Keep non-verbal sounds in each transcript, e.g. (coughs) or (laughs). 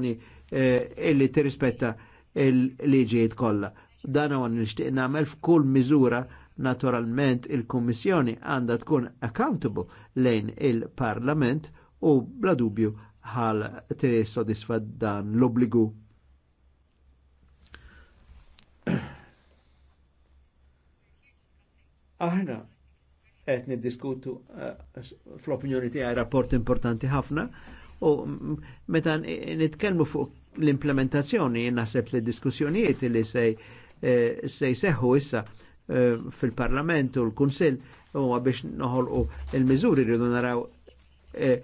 Eh, illi tirrispetta il-liġijiet kollha. Dan huwa nixtieq nagħmel f'kull miżura naturalment il-Kummissjoni għandha tkun accountable lejn il-Parlament u bla dubju ħal tirissodisfa dan l-obbligu. Aħna qed niddiskutu eh, fl-opinjoni tiegħi rapport importanti ħafna U meta nitkellmu fuq l-implementazzjoni, naħseb li diskussjonijiet li sej eh, se jseħħu issa eh, fil-Parlament u l-Kunsill u biex noħolqu il-miżuri rridu naraw eh,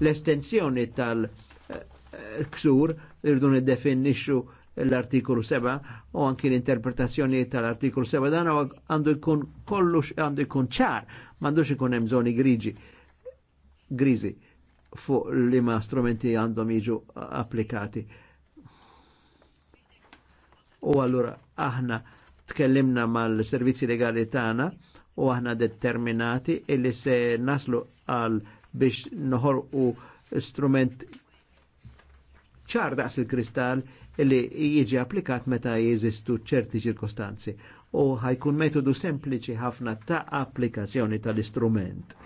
l-estensjoni tal-ksur rridu niddefinixxu l-artikolu 7 u anki l-interpretazzjoni tal-artikolu 7 dan għandu jkun kollux għandu jkun ċar, m'għandux ikun hemm żoni griġi grizi fuq li ma strumenti għandhom jiġu applikati. U allura aħna tkellimna mal-servizzi legali tagħna u aħna determinati illi se naslu għal biex u strument ċar daqs il-kristall illi jiġi applikat meta jeżistu ċerti ċirkostanzi u ħajkun metodu sempliċi ħafna ta' applikazzjoni tal-istrument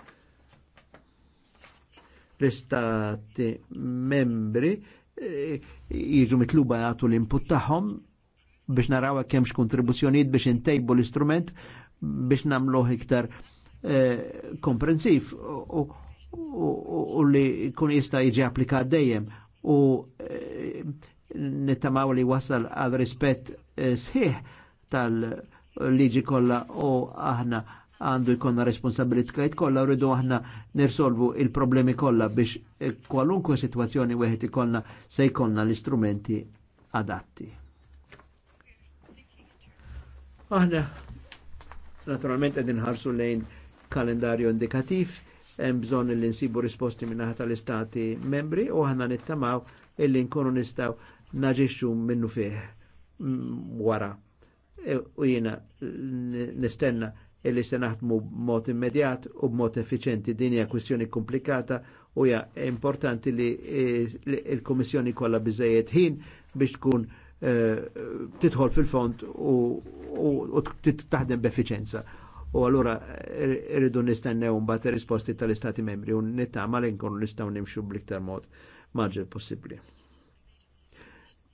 l-istati membri eh, jiġu mitluba jgħatu l-input tagħhom biex naraw kemm kontribuzzjonijiet biex intejbu l-istrument biex namluħ iktar eh, komprensiv u li kun jista' jiġi applikat dejjem u eh, nittamaw li wasal għal rispett sħiħ tal-liġi kollha u aħna għandu jkonna responsabilitkajt kollha rridu aħna nirsolvu il-problemi kollha biex kwalunkwe situazzjoni weħet ikonna se jkollna l-istrumenti adatti. Aħna naturalment qegħdin ħarsu lejn kalendarju indikativ, hemm bżonn li nsibu risposti minnaħa tal-istati membri u aħna nittamaw illi nkunu nistaw naġixxu minnu fih wara. E, u jiena nistenna illi se naħdmu b'mod immedjat u b'mod effiċenti. Din hija kwistjoni komplikata u hija importanti li eh, l-Kummissjoni kollha biżejjed ħin biex tkun eh, titħol fil-font u taħdem b'effiċenza. U allura er-, irridu nistennew mbagħad risposti tal-Istati membri u nittama li nkunu nistgħu nimxu bliktar mod maġġel possibbli.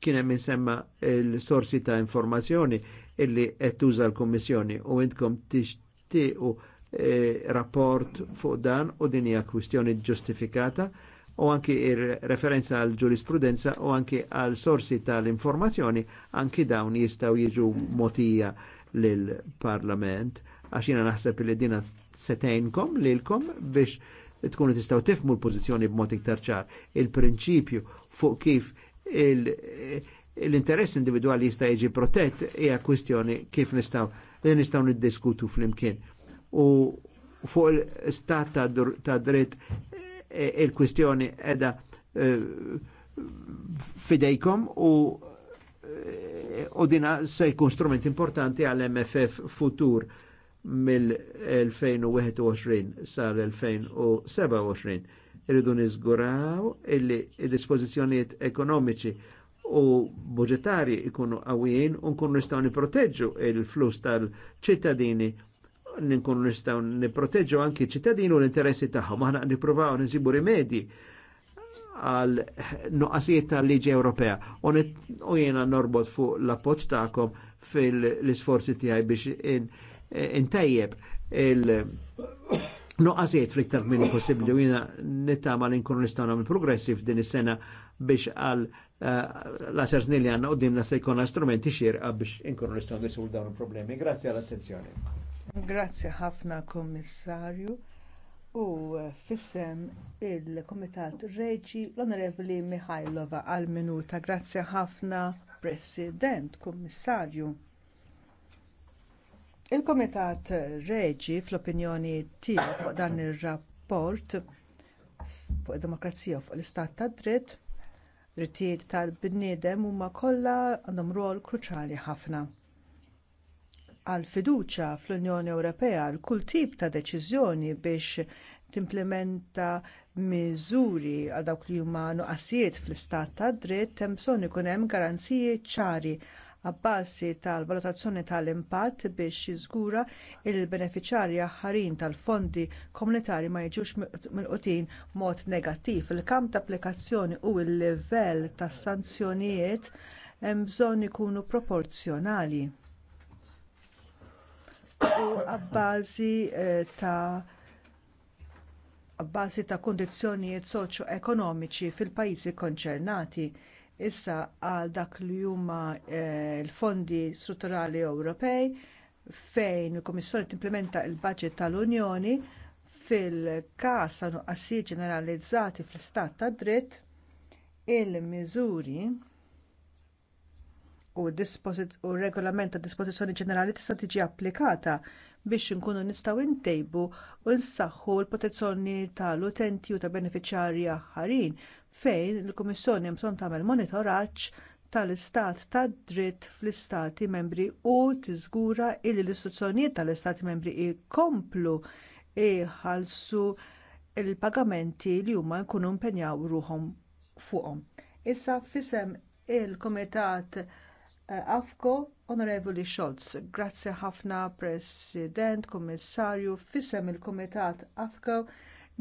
Kien hemm insemma l-sorsi ta' informazzjoni illi qed tuża l-Kummissjoni u intkom tixtiequ eh, rapport fuq dan u din hija kwistjoni ġustifikata u anki referenza għal ġurisprudenza u anki għal sorsi tal-informazzjoni anki dawn jistaw jiġu motija lill-Parlament għax jiena naħseb li dina setejnkom lilkom biex tkunu tistaw tifmu l pożizzjoni b'mod iktar ċar. Il-prinċipju fuq kif il- l-interess individuali jista' jiġi protett hija kwistjoni kif nistgħu nistgħu niddiskutu flimkien. U fuq l-istat ta' dritt e, e, il-kwistjoni edha e, fidejkom u u dina se jkun strument importanti għal MFF futur mill-2021 sal-2027 irridu nizguraw il-dispozizjoniet ekonomiċi u budgetari ikunu għawijin u nkunu nistaw niproteġu il-flus tal-ċittadini nkunu nistaw niproteġu anki ċittadini u l-interessi tagħhom. Aħna nippruvaw nisibu rimedi għal nuqqasijiet tal-liġi Ewropea u jiena norbot fuq l appoċ taħkom fil-isforzi tiegħi biex intajjeb il- Noqqasiet fl-iktar minni possibli u jina nittama li nkunu nistaw nagħmel progressi din is-sena biex għal Eh, l-10 snin li għanna u dimna se jkun strumenti xirqa biex inkunu nistgħu nirsul dawn il-problemi. Grazzi għall attenzjoni. Grazzi ħafna kommissarju u eh, fissem il-Komitat Reġi l-Onorevoli Mihajlova għal-minuta. Grazzi ħafna President, Kommissarju. Il-Komitat Reġi fl-opinjoni tiegħu fuq dan ir-rapport fuq id-demokrazija fuq l-istat tad dritt Drittijiet tal-bniedem huma kollha għandhom rol kruċjali ħafna. Għal fiduċja fl-Unjoni Ewropea għal kull tip ta' deċiżjoni biex timplementa miżuri għal dawk li huma nuqqasijiet fl-istat tad dritt hemm bżonn ikun hemm garanziji ċari għabbasi tal-valutazzjoni tal-impatt biex jiżgura li l benefiċjarji ħarin tal-fondi komunitarji ma jiġux milqutin b'mod negattiv. Il-kamp ta' applikazzjoni u l-livell ta' sanzjonijiet hemm bżonn ikunu proporzjonali. U abbażi eh, ta' ta' kundizzjonijiet soċjo-ekonomiċi fil-pajjiżi konċernati issa għal dak li huma eh, l-fondi strutturali Ewropej fejn il-Komissjoni timplementa l budget tal-Unjoni fil-każ ta' nuqqasijiet ġeneralizzati fl-istat tad dritt il-miżuri u r regolament ta' dispożizzjoni ġenerali tista' tiġi applikata biex inkunu nistgħu ntejbu u nsaħħu l-protezzjoni tal-utenti u tal benefiċjarji aħħarin fejn il-Kummissjoni bżonn tagħmel monitoraġġ tal-istat tad dritt fl-istati membri u tiżgura li l-istituzzjonijiet tal-istati membri jkomplu jħallsu l pagamenti li huma jkunu impenjaw ruhom fuqhom. Issa fisem il-Kumitat eh, AFCO Onorevoli Scholz, grazzi ħafna President, Kummissarju, fisem il-Kumitat AFCO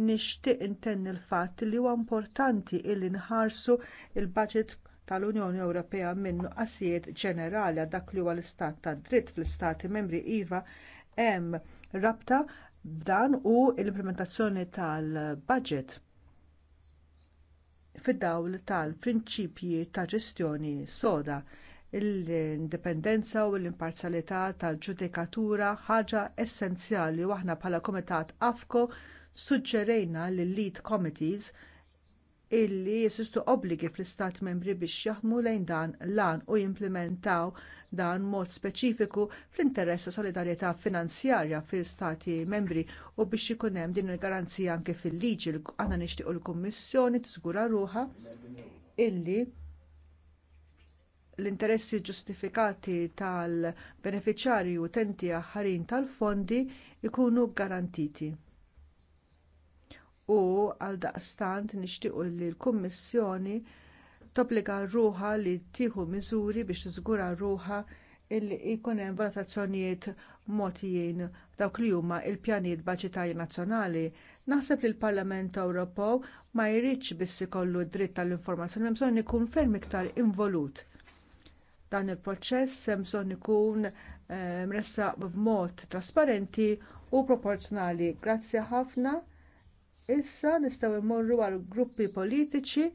nixtieq intenni l-fatt li huwa importanti li nħarsu l budget tal-Unjoni Ewropea minn qasijiet ġenerali għal dak li huwa l-istat tad dritt fl-istati membri iva hemm rabta b'dan u l-implementazzjoni tal-budget fid-dawl tal-prinċipji ta' ġestjoni soda l-indipendenza u l-imparzjalità tal-ġudikatura ħaġa essenzjali u aħna bħala Kumitat AFCO suġġerejna lill lead committees illi jesistu obbligi fl-istat membri biex jaħdmu lejn dan lan u jimplementaw dan mod speċifiku fl-interess ta' solidarjetà finanzjarja fl-istati membri u biex ikun hemm din il-garanzija anke fil-liġi li aħna nixtiequ l-Kummissjoni tiżgura ruħa illi l-interessi ġustifikati tal benefiċjarju utenti aħħarin tal-fondi jkunu garantiti u għaldaqstant nixtiequ li l-Kummissjoni tobbliga ruħa li tieħu miżuri biex tiżgura ruħa illi jkun hemm valutazzjonijiet mogħtijin dawk li huma l-pjanijiet baġitarji nazzjonali. Naħseb li l-Parlament Ewropew ma jridx biss ikollu d dritt tal-informazzjoni hemm bżonn ikun ferm iktar involut. Dan il-proċess hemm bżonn ikun eh, mressaq b'mod trasparenti u proporzjonali. Grazzi ħafna Issa nistgħu immorru għal gruppi politiċi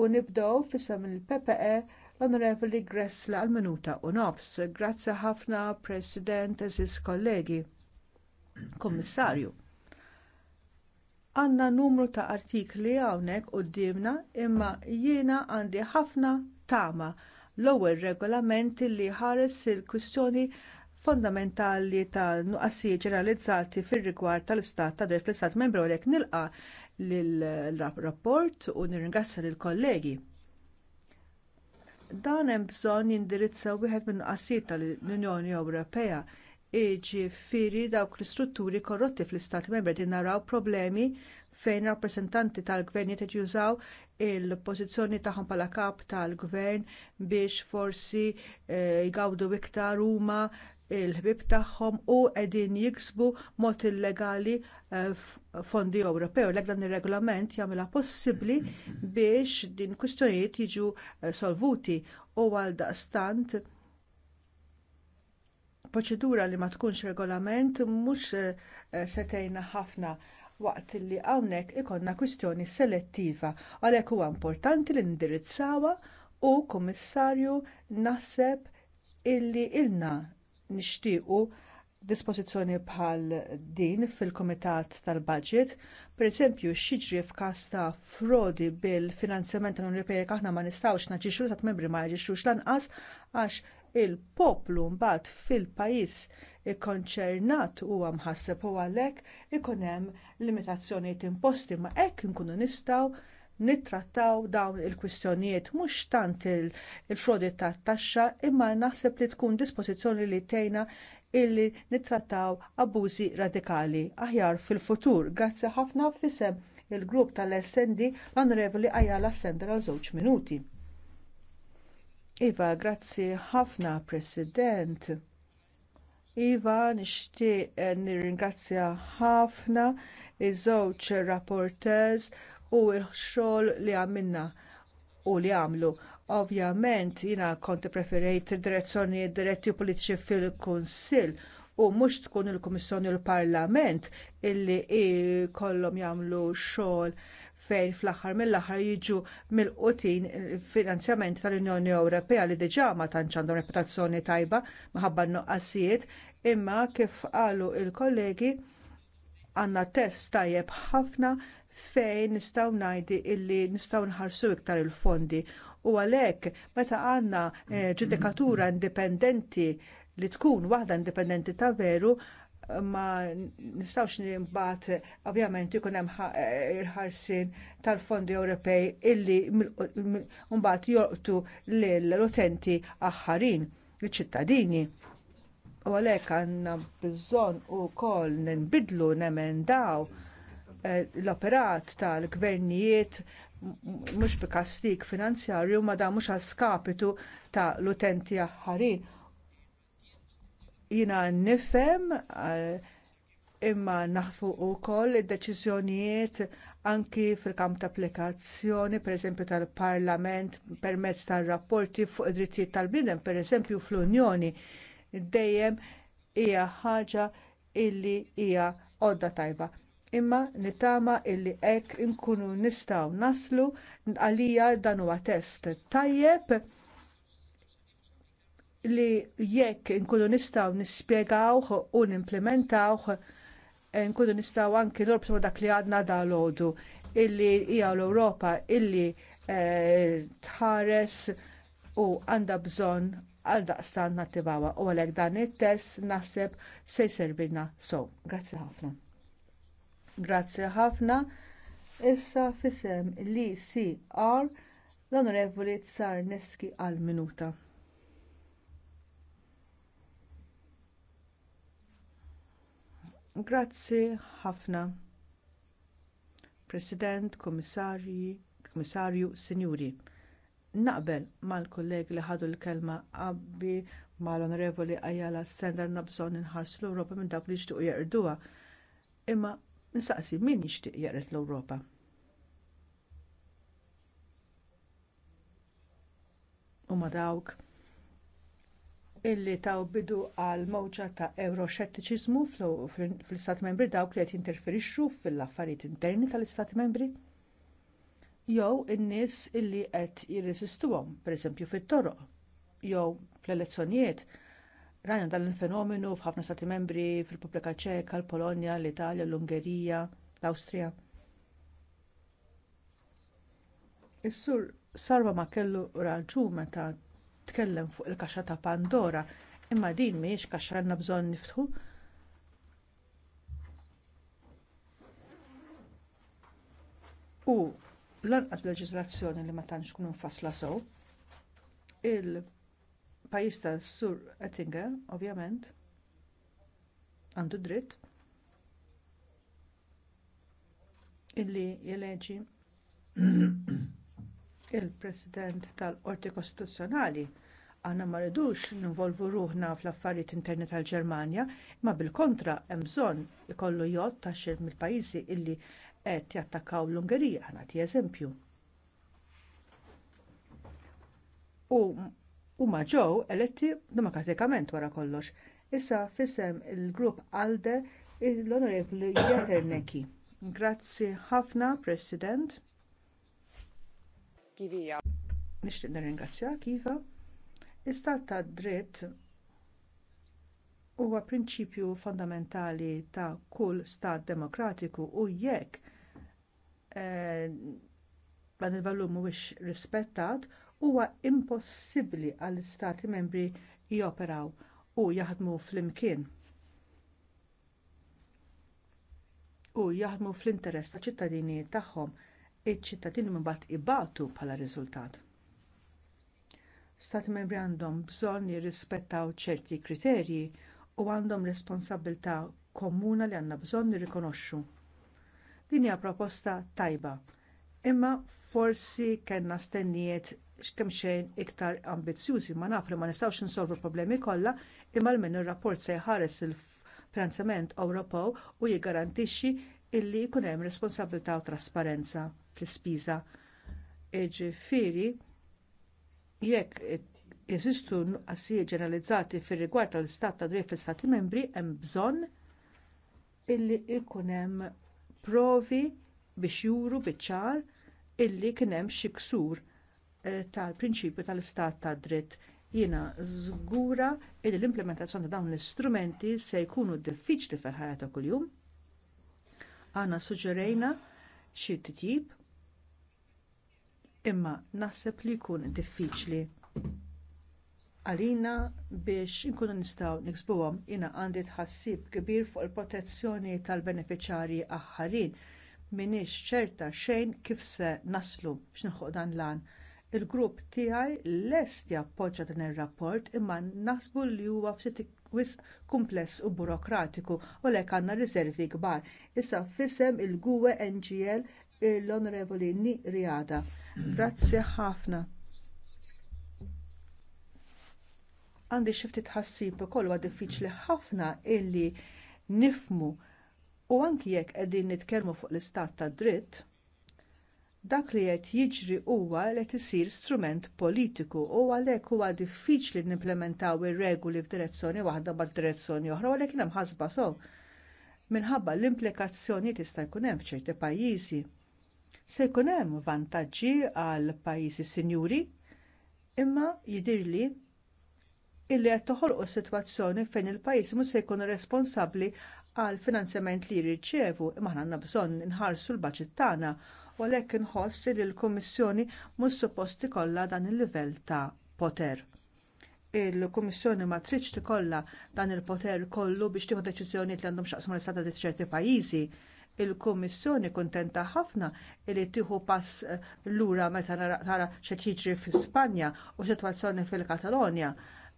u nibdew fisem il-PPE l-Onorevoli Gressla għal minuta u nofs. Grazzi ħafna President, eżis kollegi. Kommissarju. Għanna numru ta' artikli hawnhekk quddiemna, imma jiena għandi ħafna tama l-ewwel regolamenti li ħares il-kwistjoni il kwistjoni fondamentali ta' nuqqassi ġeneralizzati fir-rigward tal-istat ta' dritt fl-istat membru għalhekk nilqa lill-rapport u nirringrazzja lill-kollegi. Dan hemm bżonn jindirizza wieħed minn nuqqasijiet tal-Unjoni Ewropea jiġifieri dawk l-istrutturi korrotti fl-istat membri din naraw problemi fejn rappreżentanti tal-gvernijiet qed jużaw il-pożizzjoni tagħhom bħala kap tal-gvern biex forsi eh, jgawdu iktar huma il-ħbib tagħhom u qegħdin jiksbu mod illegali eh, fondi Ewropew. Lek dan ir-regolament jagħmilha possibbli biex din kwistjonijiet jiġu eh, solvuti u għaldaqstant proċedura li ma tkunx regolament mhux eh, setejna ħafna waqt li hawnhekk ikollna kwistjoni selettiva għalhekk huwa importanti li nindirizzawha u kummissarju naħseb illi ilna nixtiequ dispożizzjoni bħal din fil-Kumitat tal-Budget, pereżempju x'jiġri f'każ ta' frodi bil-finanzjament tal Ewropej aħna ma nistgħux naġixxu sa' membri ma jaġixxux lanqas għax il-poplu mbagħad fil-pajjiż ikkonċernat huwa mħasseb u għalhekk ikun hemm limitazzjonijiet imposti ma' hekk inkunu nistgħu nittrattaw dawn il-kwistjonijiet mhux tant il-frodi tat-taxxa imma naħseb li tkun dispożizzjoni li tgħinna illi nittrattaw abbużi radikali aħjar fil-futur. Grazzi ħafna fisem il-grupp tal-SND l-Onorevoli Ajala Sender għal żewġ minuti. Iva, grazzi ħafna, President. Iva, nixtieq nirringrazzja ħafna iż-żewġ rapporteurs u l-xogħol li għamilna u li għamlu. Ovvjament jiena kont preferejt direzzjoni diretti u politiċi fil-Kunsill u mhux tkun il-Kummissjoni u l-Parlament illi jkollhom jagħmlu xogħol fejn fl-aħħar mill-aħħar jiġu mill-qutin finanzjament tal-Unjoni Ewropea li diġà ma tantx għandhom reputazzjoni tajba minħabba n-nuqqasijiet, imma kif qalu l kollegi għandna test tajjeb ħafna fejn nistgħu ngħidu illi nistgħu nħarsu iktar il-fondi u għalhekk meta għandna eh, ġudikatura indipendenti li tkun waħda indipendenti ta' veru ma nistawx mbagħad ovvjament ikun hemm eh, il-ħarsien tal-fondi Ewropej illi mbagħad jorqtu lill-utenti aħħarin, iċ-ċittadini. U għalhekk għandna bżonn ukoll ninbidlu nemendaw Eh, l-operat tal-gvernijiet mhux bi kastik finanzjarju ma da mhux għal skapitu ta' l-utenti aħħarin. Jiena nifhem eh, imma naħfu wkoll id-deċiżjonijiet anki fil-kamp ta' applikazzjoni, pereżempju tal-Parlament, permezz tar rapporti fuq id-drittijiet tal bniedem pereżempju fl-Unjoni, dejjem hija ħaġa illi hija għodda tajba imma nittama illi hekk inkunu nistgħu naslu għalija dan huwa test tajjeb li jekk inkunu nistgħu nispjegawh u nimplementawh eh, nkunu nistgħu anki l ma dak li għadna dal-ħodu illi hija l-Ewropa illi eh, tħares u għandha bżonn għal daqstan nattivawa u għalhekk dan it-test naħseb se jservilna. So, grazzi ħafna. Grazzi ħafna. Issa fisem li e CR l-Onorevoli Tsar Neski għal minuta. Grazzi ħafna. President, Komissarji, Komissarju, Sinjuri. Naqbel mal-kollegi li ħadu l-kelma qabbi mal-Onorevoli Ajala Sender nabżon inħarsu l-Ewropa minn dak li jixtiequ jeqirduha. Imma Nsaqsi min jixtieq jaqret l-Ewropa. ma dawk illi taw bidu għal mowġa ta' euroxettiċizmu fl-Istat Membri dawk li qed jinterferixxu fil-affarijiet interni tal-Istat Membri jew in-nies illi qed jirreżistuhom, pereżempju fit-toroq jew fl-elezzjonijiet Rajna dan il-fenomenu f'ħafna stati membri fil repubblika Ċeka, l-Polonja, l-Italja, l-Ungerija, l-Awstrija. Is-sur sarba ma kellu raġun meta tkellem fuq il-kaxxa ta' Pandora, imma din mhijiex kaxxa għandna bżonn niftħu. U lanqas b'leġiżlazzjoni li ma tantx tkun infassla sew, il pajjiż ta' Sur Ettinger, ovvjament, għandu dritt illi jeleġi (clears throat) il-President tal-Qorti Kostituzzjonali aħna ma rridux ninvolvu ruħna fl-affarijiet interni tal-Ġermanja, imma bil-kontra hemm bżonn ikollu jgħod ta' xi mill-pajjiżi illi qed jattakkaw l-Ungerija, ħana eżempju. U huma ġew eletti demokratikament wara kollox. Issa fissem il-grupp ALDE l-Onorevoli Jaterneki. Grazzi ħafna, President. Kivija. Nixtieq nirringrazzja kiva. Istat ta' dritt huwa prinċipju fondamentali ta' kull stat demokratiku u jekk eh, dan il-vallum mhuwiex rispettat huwa impossibbli għall-istati membri joperaw u jaħdmu flimkien. u jaħdmu fl-interess ta' ċittadini tagħhom iċ-ċittadini mbagħad ibatu bħala riżultat. Stati membri għandhom bżonn jirrispettaw ċerti kriterji u għandhom responsabilità komuna li għandna bżonn nirrikonoxxu. Din hija proposta tajba imma forsi kellna stennijiet kemm xejn iktar ambizzjużi ma naf li ma nistgħux insolvu l-problemi kollha imma almenu ir rapport se jħares il-Finanzjament Ewropew u jiggarantixxi illi jkun hemm responsabilità u trasparenza fl-ispiża. Jiġifieri jekk jeżistu nuqqasijiet ġeneralizzati fir-rigward tal-istat ta' dritt fl-istati membri hemm bżonn illi jkun hemm provi biex juru biċ-ċar illi kien hemm xi ksur eh, tal-prinċipju tal-istat tad dritt. Jiena żgura li l-implementazzjoni ta' dawn l-istrumenti se jkunu diffiċli fil-ħajja ta' kuljum. Aħna suġġerejna xi titjib imma naħseb li jkun diffiċli għalina biex inkunu nistgħu niksbuhom jiena għandi tħassib kbir fuq il-protezzjoni tal benefiċjarji aħħarin minix ċerta xejn kif se naslu x'nħuq dan lan. Il-grupp tiegħi lest jappoġġja dan ir-rapport imma naħsbu li huwa ftit wisq kumpless u burokratiku u lek għandna riservi kbar. Issa fisem il-Gwe NGL l-Onorevoli Ni Riada. Grazzi ħafna. Għandi xi ftit ħassib ukoll diffiċli ħafna illi nifmu U anki jekk qegħdin nitkellmu fuq l-istat tad dritt, dak li qed jiġri huwa li qed isir strument politiku u għalhekk huwa diffiċli nimplementaw ir-regoli f'direzzjoni waħda bad direzzjoni oħra għalhekk hemm ħasba sew minħabba l-implikazzjoni tista' jkun hemm f'ċerti pajjiżi. Se jkun hemm vantaġġi għal pajjiżi sinjuri, imma jidhirli illi qed toħolqu sitwazzjoni fejn il-pajjiż mhux se jkun responsabbli għal finanzjament li jirċievu imma għandna bżonn inħarsu l-baġit tagħna u għalhekk inħoss li l-Kummissjoni mhux suppost ikollha dan il-livell ta' poter. Il-Kummissjoni ma tridx tikollha dan il-poter kollu biex tieħu deċiżjonijiet li għandhom x'jaqsmu l-istata ta' ċerti pajjiżi. Il-Kummissjoni kuntenta ħafna li tieħu pass eh, lura meta tara x'qed jiġri fi Spanja u sitwazzjoni fil-Katalonja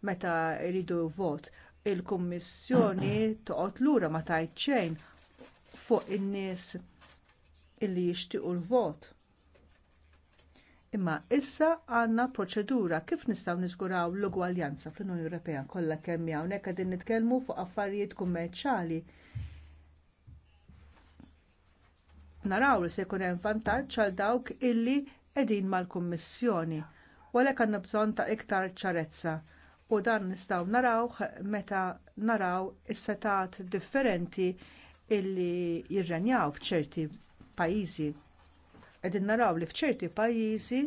meta jridu vot il-Kummissjoni toqgħod lura ma tgħid xejn fuq in-nies illi jixtiequ l-vot. Imma issa għandna proċedura kif nistgħu niżguraw l-ugwaljanza fl-Unjoni Ewropea kollha kemm hawnhekk qegħdin nitkellmu fuq affarijiet kummerċjali. Naraw li se jkun hemm vantaġġ għal dawk illi qegħdin mal-Kummissjoni u għalhekk għandna bżonn ta' iktar ċarezza u dan nistgħu narawh meta naraw is-setat differenti illi jirrenjaw f'ċerti pajjiżi. Qegħdin naraw li f'ċerti pajjiżi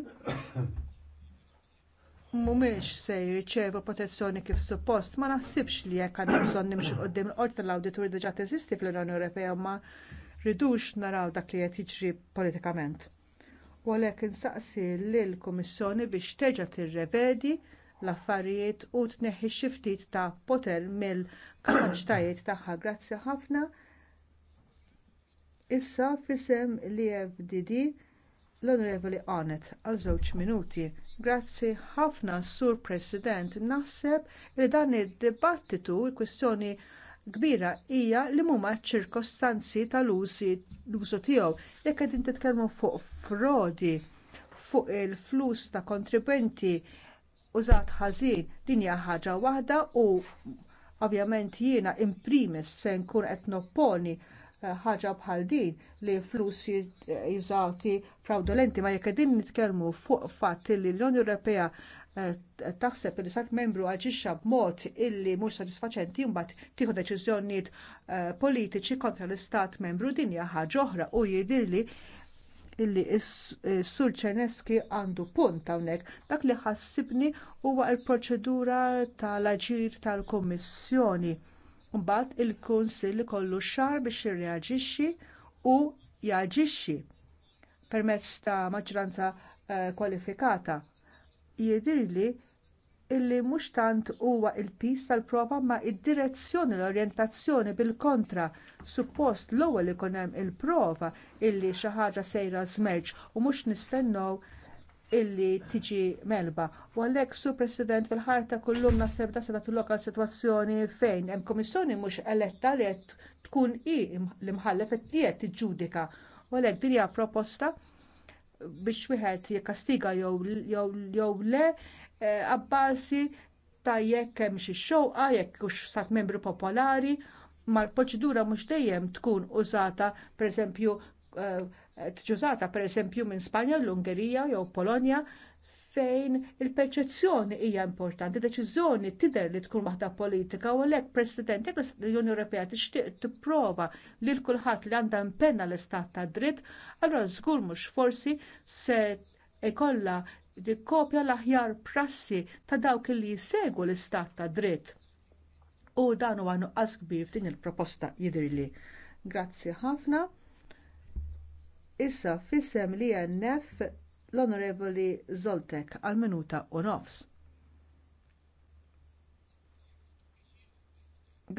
mhumiex se jirċevu protezzjoni kif suppost, ma naħsibx li jekk għandna bżonn nimxu quddiem il-qorti tal-awditur diġà teżisti fl-Unjoni Ewropea ma rridux naraw dak li qed jiġri politikament. U għalhekk insaqsi lill-Kummissjoni biex terġa' tirrevedi l-affarijiet u tneħħi xi ftit ta' poter mill-kapaċitajiet tagħha. Grazzi ħafna. Issa fisem li FDD l-Onorevoli Anet għal żewġ minuti. Grazzi ħafna Sur President. Naħseb li dan id-dibattitu l-kwistjoni kbira hija li huma ċ ċirkostanzi tal-użu tiegħu. Jekk qegħdin titkellmu fuq frodi, fuq il-flus ta' kontribwenti użat ħażin din hija ħaġa waħda u ovvjament jiena in primis se nkun qed nopponi eh, ħaġa bħal din li flussi jużati eh, fraudolenti ma jekk din nitkellmu fuq fatt li l-Unjoni Ewropea eh, taħseb li sat membru aġixxa b'mod illi mhux sodisfaċenti mbagħad tieħu deċiżjonijiet politiċi kontra l-istat membru din hija ħaġa oħra u jidhirli illi s-sur eh, Ċerneski għandu punt hawnhekk. Dak li ħassibni huwa l proċedura tal-aġir tal-Kummissjoni. Mbagħad il-Kunsill kollu xar biex jirreaġixxi u jaġixxi permezz ta' maġġoranza eh, kwalifikata. Jidhirli illi mhux tant huwa l pis tal-prova ma id-direzzjoni l-orjentazzjoni bil-kontra. Suppost l-ewwel ikun hemm il-prova illi xi ħaġa sejra żmerġ u mhux nistennew illi tiġi melba. U għalhekk sur President fil-ħajta kullum naseb da sedat lokal sitwazzjoni fejn hemm komissjoni mhux eletta li qed tkun hi l-imħallef qed li qed tiġġudika. U għalhekk din hija proposta biex wieħed jikkastiga jew le għabbasi eh, ta' jekk hemm xi xewqa jekk hux stat membru popolari ma l-proċedura mhux dejjem tkun użata pereżempju eh, tġużata pereżempju minn Spanja, l-Ungerija jew Polonja fejn il-perċezzjoni hija importanti, deċiżjoni tidher li tkun waħda politika u għalhekk President jekk l-Unjoni Ewropea tixtieq tipprova lil kulħadd li għandha impenna l-istat ta' dritt, allura żgur mhux forsi se ikolla Dikkopja l-aħjar prassi ta' dawk li jsegu l-istat ta' dritt. U dan huwa nuqqas kbir f'din il-proposta jidhirli. Grazzi ħafna. Issa fissem li NF l-Onorevoli Zoltek għal minuta u nofs.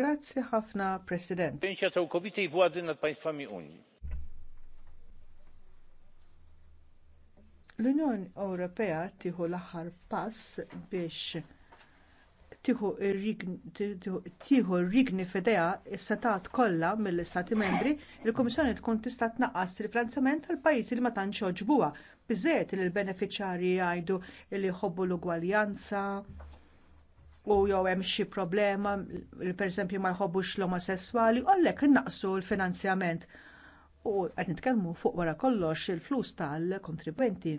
Grazzi ħafna, President. L-Unjoni Ewropea tieħu l-aħħar pass biex tieħu r-rigni f'idea s-setat kollha mill-Istati membri, il kumissjoni tkun tista' tnaqqas il-finanzjament tal pajjiżi li ma tantx oġbuha biżżejjed li l-benefiċjarji jgħidu li jħobbu l-ugwaljanza u jew hemm xi problema li pereżempju ma jħobbux l-omosessuali u għalhekk innaqsu l-finanzjament u qed nitkellmu fuq wara kollox il-flus tal-kontribwenti.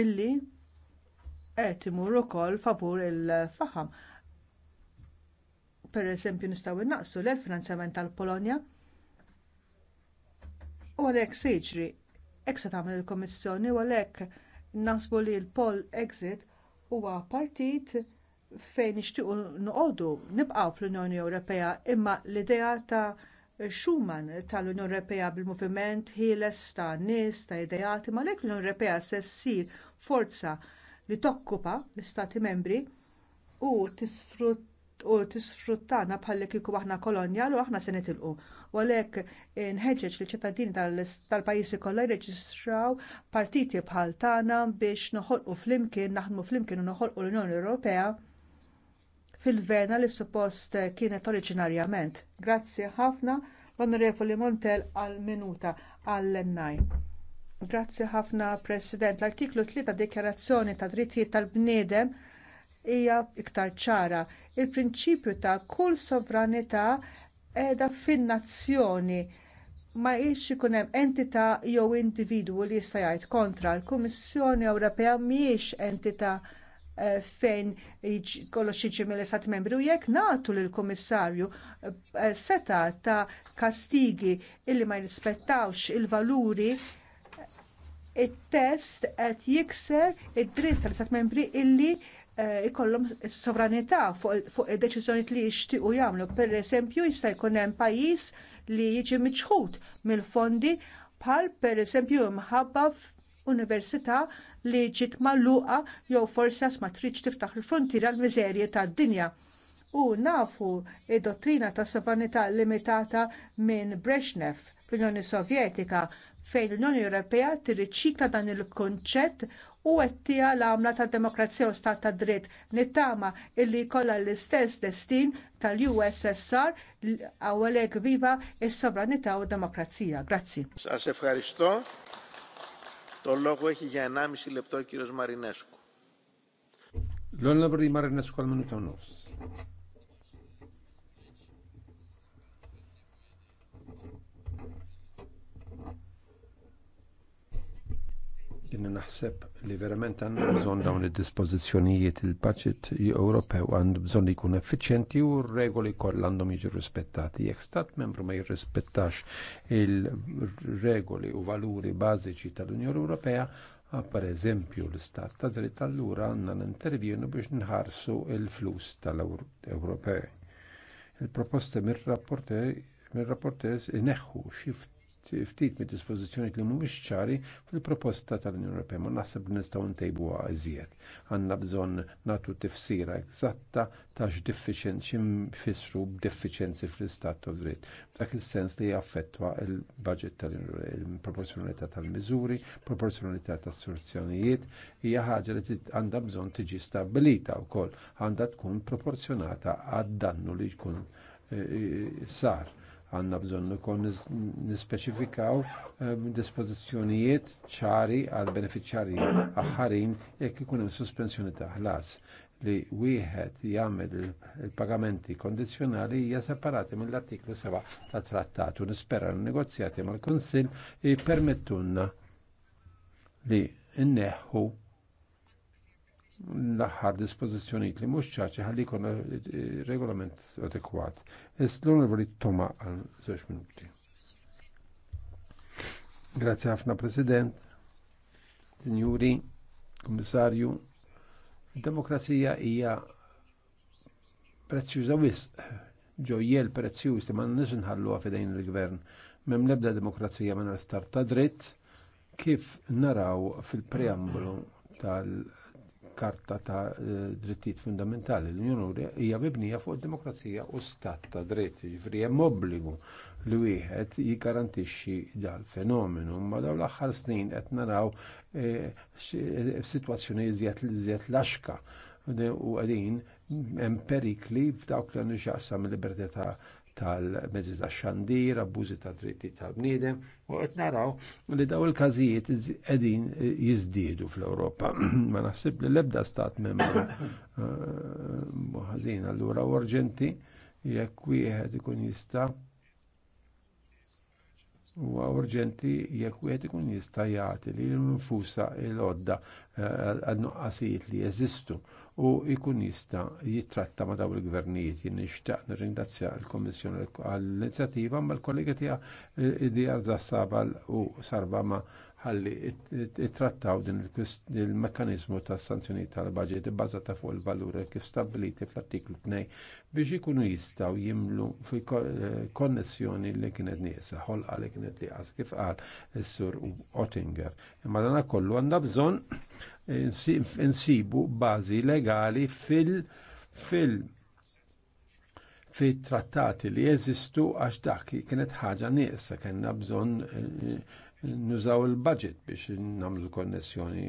Illi qed imur ukoll favur il-faħam. Pereżempju nistgħu innaqsu l-finanzjament tal-Polonja u għalhekk se jiġri hekk se tagħmel il-Kummissjoni u għalhekk naħsbu li l-Pol Exit huwa partit fejn nixtiequ noqogħdu nibqgħu fl-Unjoni Ewropea imma l-idea ta' Schumann tal-Unjoni Ewropea bil-moviment ħieles ta' nies ta' ideati, ma' lek l-Unjoni Ewropea se ssir forza li tokkupa l-Istati membri u tisfrut u tisfruttana bħalli kieku aħna kolonja u aħna se nitilqu. U għalhekk nħeġġeġ li ċittadini tal-pajjiżi kollha jreġistraw partiti bħal tagħna biex noħolqu flimkien, naħdmu flimkien u noħolqu l-Unjoni Ewropea fil-vena li suppost kienet oriġinarjament. Grazzi ħafna l-Onorevoli Montel għal minuta għall-ennaj. Grazzi ħafna President. L-artiklu 3 Dikjarazzjoni ta' Drittijiet tal-Bniedem hija iktar ċara. Il-prinċipju ta' kull sovranità qiegħda fin-nazzjoni ma jiex ikun hemm entità jew individwu li jista' jgħid kontra. L-Kummissjoni Ewropea mhijiex entità Eh, fejn kollox jiġi mill-Istat membri u jekk nagħtu lill kummissarju eh, seta ta' kastigi illi ma jirrispettawx il-valuri it-test qed jikser id-dritt tal-Istat membri illi eh, ikollhom sovranità fuq id-deċiżjonijiet li jixtiequ jagħmlu. Pereżempju jista' jkun hemm pajjiż li jiġi miċħud mill-fondi bħal pereżempju imħabba università li ġiet magħluqa jew forsi ma tridx tiftaħ il-frontiera l-miżerji tad-dinja. U nafu id-dottrina ta' sovranità limitata minn Brezhnev fl-Unjoni Sovjetika fejn l-Unjoni Ewropea tirriċikla dan il-konċett u għettija l-għamla ta' demokrazija u stat ta' dritt nittama illi jkollha l-istess destin tal-USSR għawelek viva s sovranità u demokrazija. Grazzi. Το λόγο έχει για 1,5 λεπτό ο κύριος Μαρινέσκου. L-Onorevoli Marinescu għal minuta nofs. Jina naħseb li verament għanna bżon dawn id dispozizjonijiet il-budget Ewropew għan bżon li kun effiċenti u regoli koll għandhom jġi rispettati. Jek stat membru ma jirrispettax il-regoli u valuri bażiċi tal-Unjoni Ewropea, per eżempju l-istat ta' dritt allura għandna n-intervjenu biex nħarsu il-flus tal-Ewropej. Il-proposti mir-rapportez ineħħu xift ftit mid dispożizzjoni li mhumiex ċari fil-proposta tal-Unjoni Ewropea ma naħseb li nistgħu ntejbuha iżjed. Għandna bżonn nagħtu tifsira eżatta ta' xi x'infissru b'diffiċenzi fl-istat ta' dritt. F'dak is-sens li jaffettwa l-budget tal-proporzjonalità tal-miżuri, proporzjonalità tas-sorzjonijiet, hija ħaġa li għandha bżonn tiġi stabbilita wkoll, għandha tkun proporzjonata għad-dannu li jkun eh, eh, sar għanna bżonn ukoll nispeċifikaw ehm, dispożizzjonijiet ċari għal beneficjarji aħħarin jekk ikun hemm sospensjoni ta' ħlas li wieħed jagħmel il-pagamenti kondizzjonali hija separati mill-artiklu 7 ta' trattat u nispera n-negozjati mal-Kunsill jippermettunna li nneħħu l-aħħar dispozizjoniet li mhux ċaċi ħalli jkun regolament adekwat. L-onorevoli Toma għal żewġ minuti. Grazie ħafna President, Sinjuri, Komissarju, Demokrazija hija prezzjuża wisq, ġojjel prezzjuż li ma nix nħalluha f'idejn il-gvern. Mem lebda demokrazija minn star ta' dritt kif naraw fil-preambulu tal- karta ta' eh, drittijiet fundamentali. L-Unjoni hija mibnija fuq id demokrazija u stat ta' dritt, jiġifieri hemm obbligu li wieħed jiggarantixxi dal-fenomenu. Ma dawn l-aħħar snin qed naraw f'sitwazzjoni eh, eh, iżjed iżjed laxka u qegħdin hemm perikli f'dawk li għandu xaqsam il-libertà ta' tal-mezzi ta' xandir, abbużi ta' dritti tal-bniedem, u qed naraw li daw il-każijiet qegħdin eh, jiżdiedu fl-Ewropa. (clears throat) Ma naħsib li l-ebda stat membru eh, ħażin allura urġenti jekk wieħed ikun jista' huwa urġenti jekk wieħed ikun jista' jagħti li nfusa l-għodda eh, għal nuqqasijiet li jeżistu u jkun jista jittratta ma dawl il-gvernijiet. Jien nixtaq nirringrazzja l-Kommissjoni għall-inizjattiva ma l-kollega id eh, Diar Zassabal u Sarbama ħalli ittrattaw din il-mekkanizmu ta' sanzjoni tal-budget ibbażata fuq il valur kif stabiliti fl-artiklu 2 biex ikunu jistaw jimlu fi eh, konnessjoni li kienet nieqsa, ħolqa li kienet liqas kif qal il sur Ottinger. Imma dana kollu għanda bżon insibu bażi legali fil- fil- fit trattati li jeżistu għax dak kienet ħaġa nieqsa kellna bżonn eh, nużaw il-budget biex namlu konnessjoni,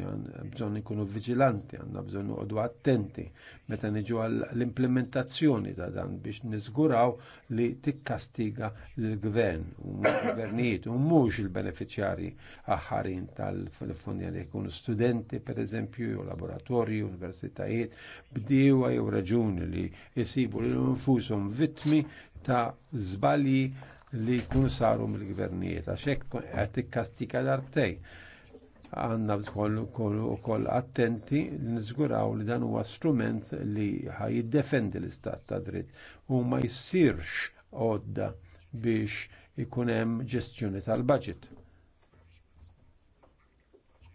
bżon ikunu vigilanti, għanna bżon uqdu attenti, meta niġu għall-implementazzjoni ta' dan biex nizguraw li tikkastiga l-gvern, u gvernijiet, u mux il-beneficjari aħħarin tal-telefonja li jkunu studenti, per eżempju, u laboratorji, universitajiet, bdiewa jew raġuni li jisibu l infusum vitmi ta' zbalji li kun saru mill-gvernijiet, għax hekk qed tikkastika darbtej. Għandna wkoll attenti li niżguraw li dan huwa strument li ħajjiddefendi l-istat ta' dritt u ma jsirx għodda biex ikun hemm ġestjoni tal baġit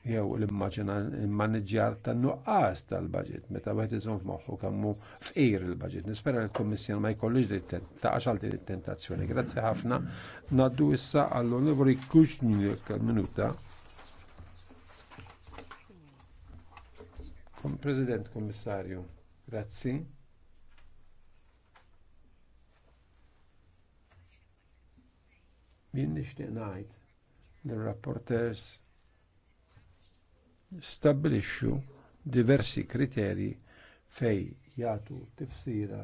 jew l-immaġġjar tan-nuqqas tal-budget meta wieħed iżomm f'moħħu kemmu fqir il-budget. Nispera l-Kummissjon ma jkollix ta' taqax għal din it-tentazzjoni. Grazzi ħafna. Naddu issa għall-Onorevoli Kuxnik minuta. President Kommissarju, grazzi. Jien nixtieq ngħid l-rapporters stabbilixxu diversi kriterji fejn jagħtu tifsira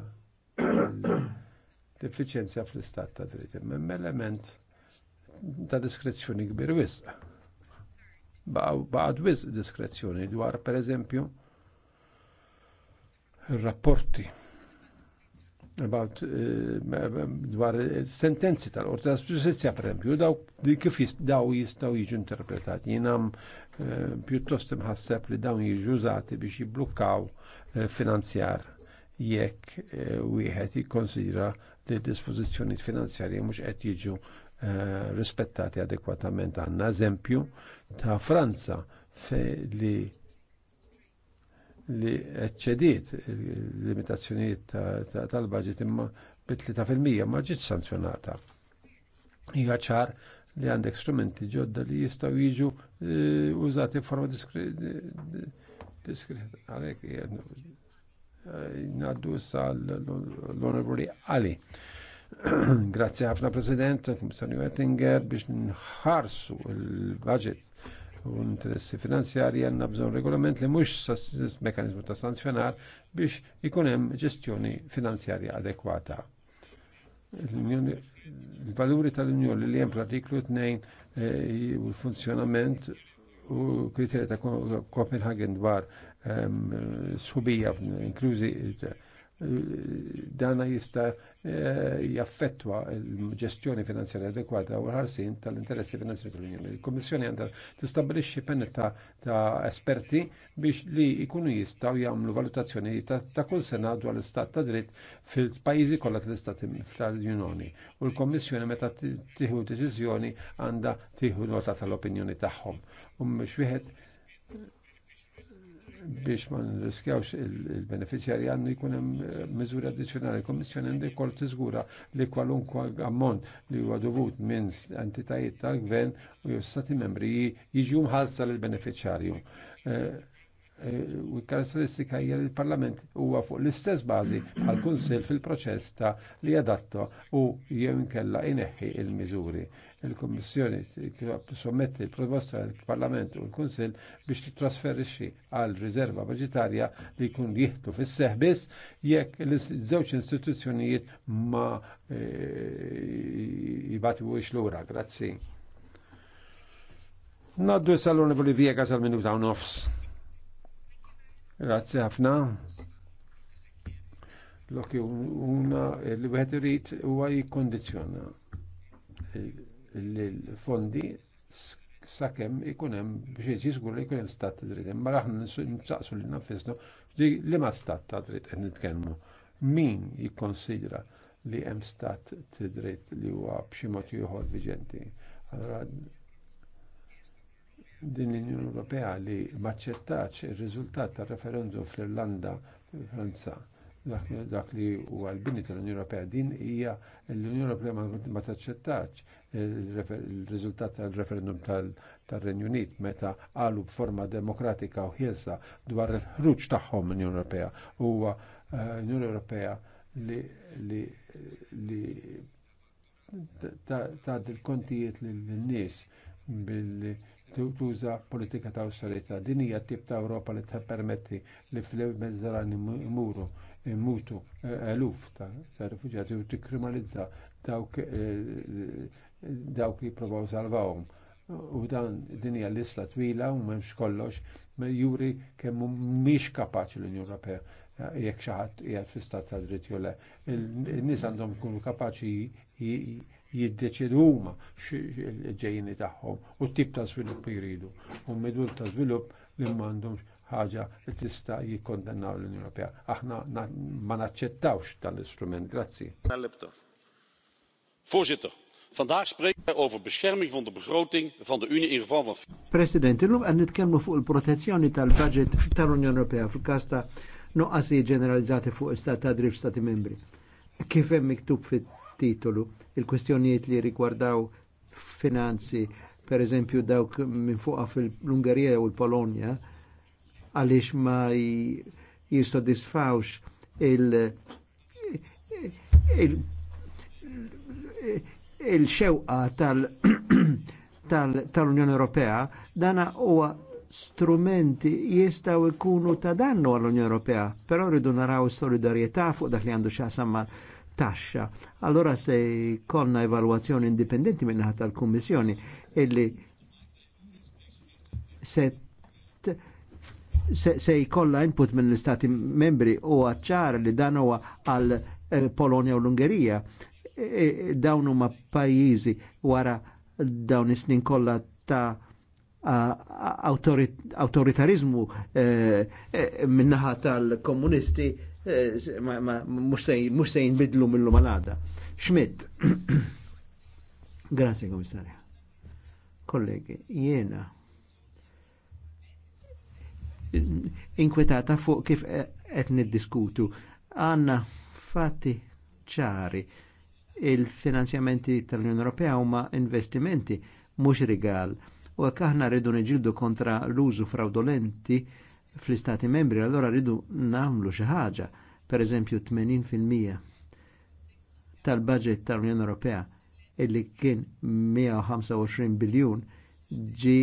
l-effiċenzja fl-istat ta' dritt. Imma element ta' diskrezzjoni kbir wisq. Baqgħod wisq diskrezzjoni dwar pereżempju rapporti about eh, dwar sentenzi tal-Qorti tal-Ġustizzja per pereżempju daw kif daw jistgħu jiġu interpretati. Jien Eh, pjuttost imħasseb li dawn jiġu użati biex jiblukkaw eh, finanzjar jekk eh, wieħed jikkonsidra li dispożizzjoni finanzjarji mhux qed jiġu rispettati adekwatament għandna eżempju ta' Franza li li eċċediet limitazzjonijiet tal-budget imma bi 3% ma ġietx sanzjonata. Hija ċar li għandek strumenti ġodda li jistaw jiġu eh, użati forma diskret għalek eh, jnaddu l-onorevoli għali. (clears throat) Grazie ħafna President, Komissarju Ettinger, biex nħarsu l budget u interessi finanzjari għanna bżon regolament li mux mekanizmu ta' sanzjonar biex ikunem ġestjoni finanzjarja adekwata il-valuri tal-Unjoni li jem pratiklu t-nejn eh, u l-funzjonament u kriterja ta' Copenhagen dwar ehm, subija, inklużi eh, dana jista eh, jaffettwa l-ġestjoni finanzjarja adekwata u ħarsin tal-interessi finanzjarja tal-Unjoni. Il-Kommissjoni għandha tistabilixxi panel ta' esperti biex li jkunu jistgħu jagħmlu valutazzjoni ta' kull sena dwar l-istat ta' dritt fil-pajjiżi kollha tal-istat tal-Unjoni. U l-Kommissjoni meta tieħu deċiżjoni għandha tieħu nota tal-opinjoni tagħhom. U mhux wieħed biex ma nriskjawx il-beneficjari għandu jkun hemm eh, miżuri addizzjonali. Il-Kommissjoni għandu jkoll tiżgura li kwalunkwa ammont li huwa dovut minn entitajiet tal-gvern u jew stati membri jiġu mħassa lill beneficjarju eh, eh, U karakteristika hija il parlament huwa fuq l-istess bażi għal kunsill fil-proċess ta' li jadatta u jew inkella ineħħi il-miżuri il-Kommissjoni sommetti il-proposta l-Parlament u l konsil biex titrasferixxi għal riserva budgetarja li kun jieħdu fis-seħ biss jekk l żewġ istituzzjonijiet ma l eh, lura. Grazzi. Naddu s onorevoli Viega għazal minuta u nofs. Grazzi ħafna l una eh, li wieħed irid huwa jikkondizjona eh, l-fondi sakemm ikun hemm biex jiżgur li jkun hemm stat ta' dritt. Imma aħna nistaqsu lil nafisnu li ma stat ta' dritt qed nitkellmu. Min jikkonsidra li hemm stat ta' dritt li huwa b'xi mod ieħor viġenti. Allora din l-Unjoni Ewropea li maċċettax ir-riżultat tar referendum fl-Irlanda, fil Franza, dak li huwa l-bini tal-Unjoni Ewropea. Din hija l-Unjoni Ewropea ma taċċettax il-riżultat tal-referendum tal-Renju Unit meta qalu b'forma demokratika u ħielsa dwar il-ħruġ tagħhom l eh, unjoni Ewropea. Huwa l-Unjoni Ewropea li tad il kontijiet lill nies billi tuża politika ta' austerità Din hija tip ta' Ewropa li tippermetti li fl-Mediterrani imuru immutu eh, eluf ta' ta' rifugjati u tikkriminalizza dawk eh, dawk li provaw salvawhom. U dan dinja l-isla twila u memx kollox, juri kemm mhix kapaċi l-Unjoni Ewropea eh, jekk xi ħadd qiegħed fl ta' dritt jew le. nies għandhom ikunu kapaċi jiddeċidu huma ġejjini tagħhom u t-tip ta' żvilupp jridu. U midul ta' żvilupp li m'għandhomx ħaġa li tista' jikkondennaw l-Unjoni Ewropea. Aħna ma naċċettawx dan l-istrument. Grazzi. Voorzitter, vandaag spreken we over bescherming van de begroting van de Unie in geval van. President, illum għan nitkellmu fuq il-protezzjoni tal-budget tal-Unjoni Ewropea fil-kas ta' noqqasi ġeneralizzati fuq istat ta' drift stati membri. Kif hemm miktub fit-titolu, il-kwestjonijiet li rigwardaw finanzi, per eżempju dawk minn fuqa fil-Ungerija u l-Polonja, għalix ma jistodisfawx il- il- xewqa tal- (clears throat) unjoni Ewropea, dana huwa strumenti jistaw ikunu ta' dannu għall-Unjoni Ewropea, però rridu naraw solidarjetà fuq dak li għandu xasam taxxa. Allora se konna evalwazzjoni indipendenti minnaħat tal-Kummissjoni illi se se jkollha input minn l-istati membri u għacċar li dan huwa għal eh, Polonja u l-Ungerija. E, e, dawn huma pajjiżi wara dawn is-snin kollha ta' autoritarizmu eh, eh, minnaħa tal-komunisti eh, mux se jinbidlu millu malada. Schmidt. (coughs) Grazie, komissarja. Kollegi, jena inkwetata fuq kif e- qed niddiskutu. Għanna fatti ċari il-finanzjamenti tal-Unjoni Ewropea huma investimenti mhux rigal. U hekk aħna rridu niġildu kontra l-użu fraudolenti fl-istati membri, allora rridu nagħmlu xi ħaġa. pereżempju eżempju 80% tal-budget tal-Unjoni Ewropea illi kien 125 biljun ġi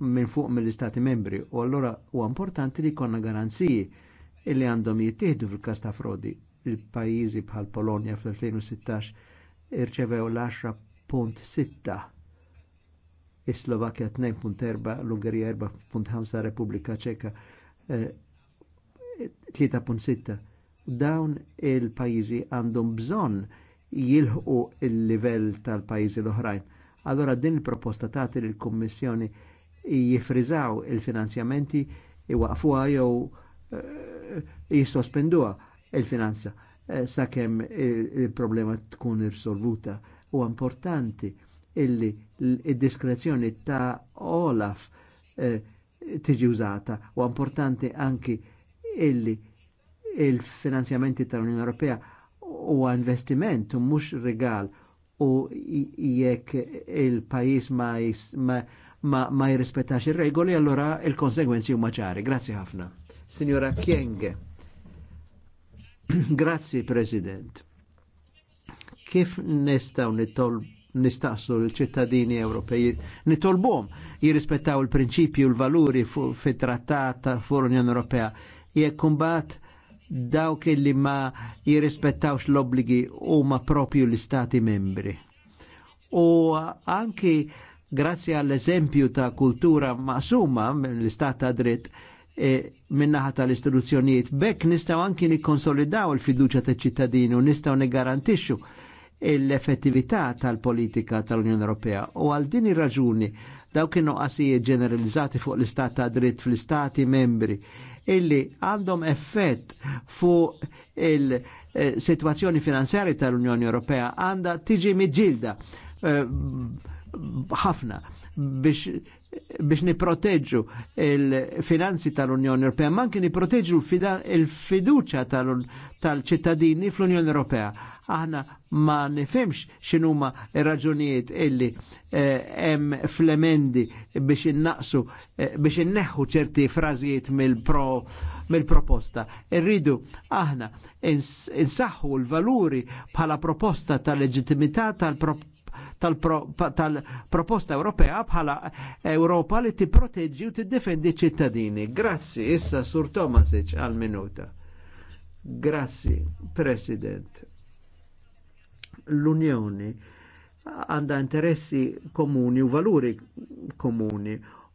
minn fuq mill-istati membri u allora u importanti li konna garanziji illi għandhom jittieħdu fil-kas ta' frodi. Il-pajizi bħal Polonja fl-2016 irċevew l-10.6 is-Slovakja 2.4, l-Ungerija 4.5, Repubblika Ċeka 3.6. Eh, Dawn il-pajizi għandhom bżonn jilħu il-livell tal-pajizi l-oħrajn. Allora din il-proposta tagħti lill-Kummissjoni jifrizaw il-finanzjamenti iwaqfuha jew eh, jisospenduha il-finanza eh, sakemm il-problema tkun irsolvuta. U importanti illi id-diskrezzjoni ta' Olaf eh, tiġi użata u importanti anki illi il-finanzjamenti tal-Unjoni Ewropea u investiment u mhux regal u jekk il-pajis ma, ma, ma, ma jirrispettax il regoli allora il-konsegwenzi huma ċari. Grazie ħafna. Signora Kieng, (clears throat) grazie President. Kif nistaw nistaqsu l-ċittadini Ewropej nitolbom jirrispettaw il-prinċipju il valuri fit trattata fuq l-Unjoni Ewropea jekk kumbat dawk li ma jirrispettawx l-obbligi huma propju l-istati membri. U anki grazzi għall-eżempju ta' kultura maqsuma l-istat ta' dritt e, minnaħa tal-istituzzjonijiet, bekk nistaw anki nikkonsolidaw il-fiduċa ta' ċittadini u nistaw nigarantixxu l-effettività tal-politika tal-Unjoni Ewropea. U għal din ir-raġuni dawk in-noqqasijiet ġeneralizzati fuq l-istat ta' dritt fl-istati membri illi għandhom effett fu il-situazzjoni finanzjari tal-Unjoni Ewropea għanda tiġi miġilda eh, ħafna biex biex niproteġu il-finanzi tal-Unjoni Ewropea, ma anke niproteġu il-fiduċa tal-ċittadini fl-Unjoni Ewropea. Aħna ma nifhimx x'inhuma ir-raġunijiet illi eh, hemm eh, fl-emendi biex innaqsu eh, biex inneħħu ċerti frażijiet mill-proposta. Mil Irridu aħna insaħħu l-valuri bħala proposta tal-leġittimità tal-proposta tal-proposta Ewropea bħala Ewropa li tipproteġġi u tiddefendi ċittadini. Grazzi, issa Sur Tomasic għal-minuta. Grazzi, President. L-Unjoni għanda interessi komuni u valuri komuni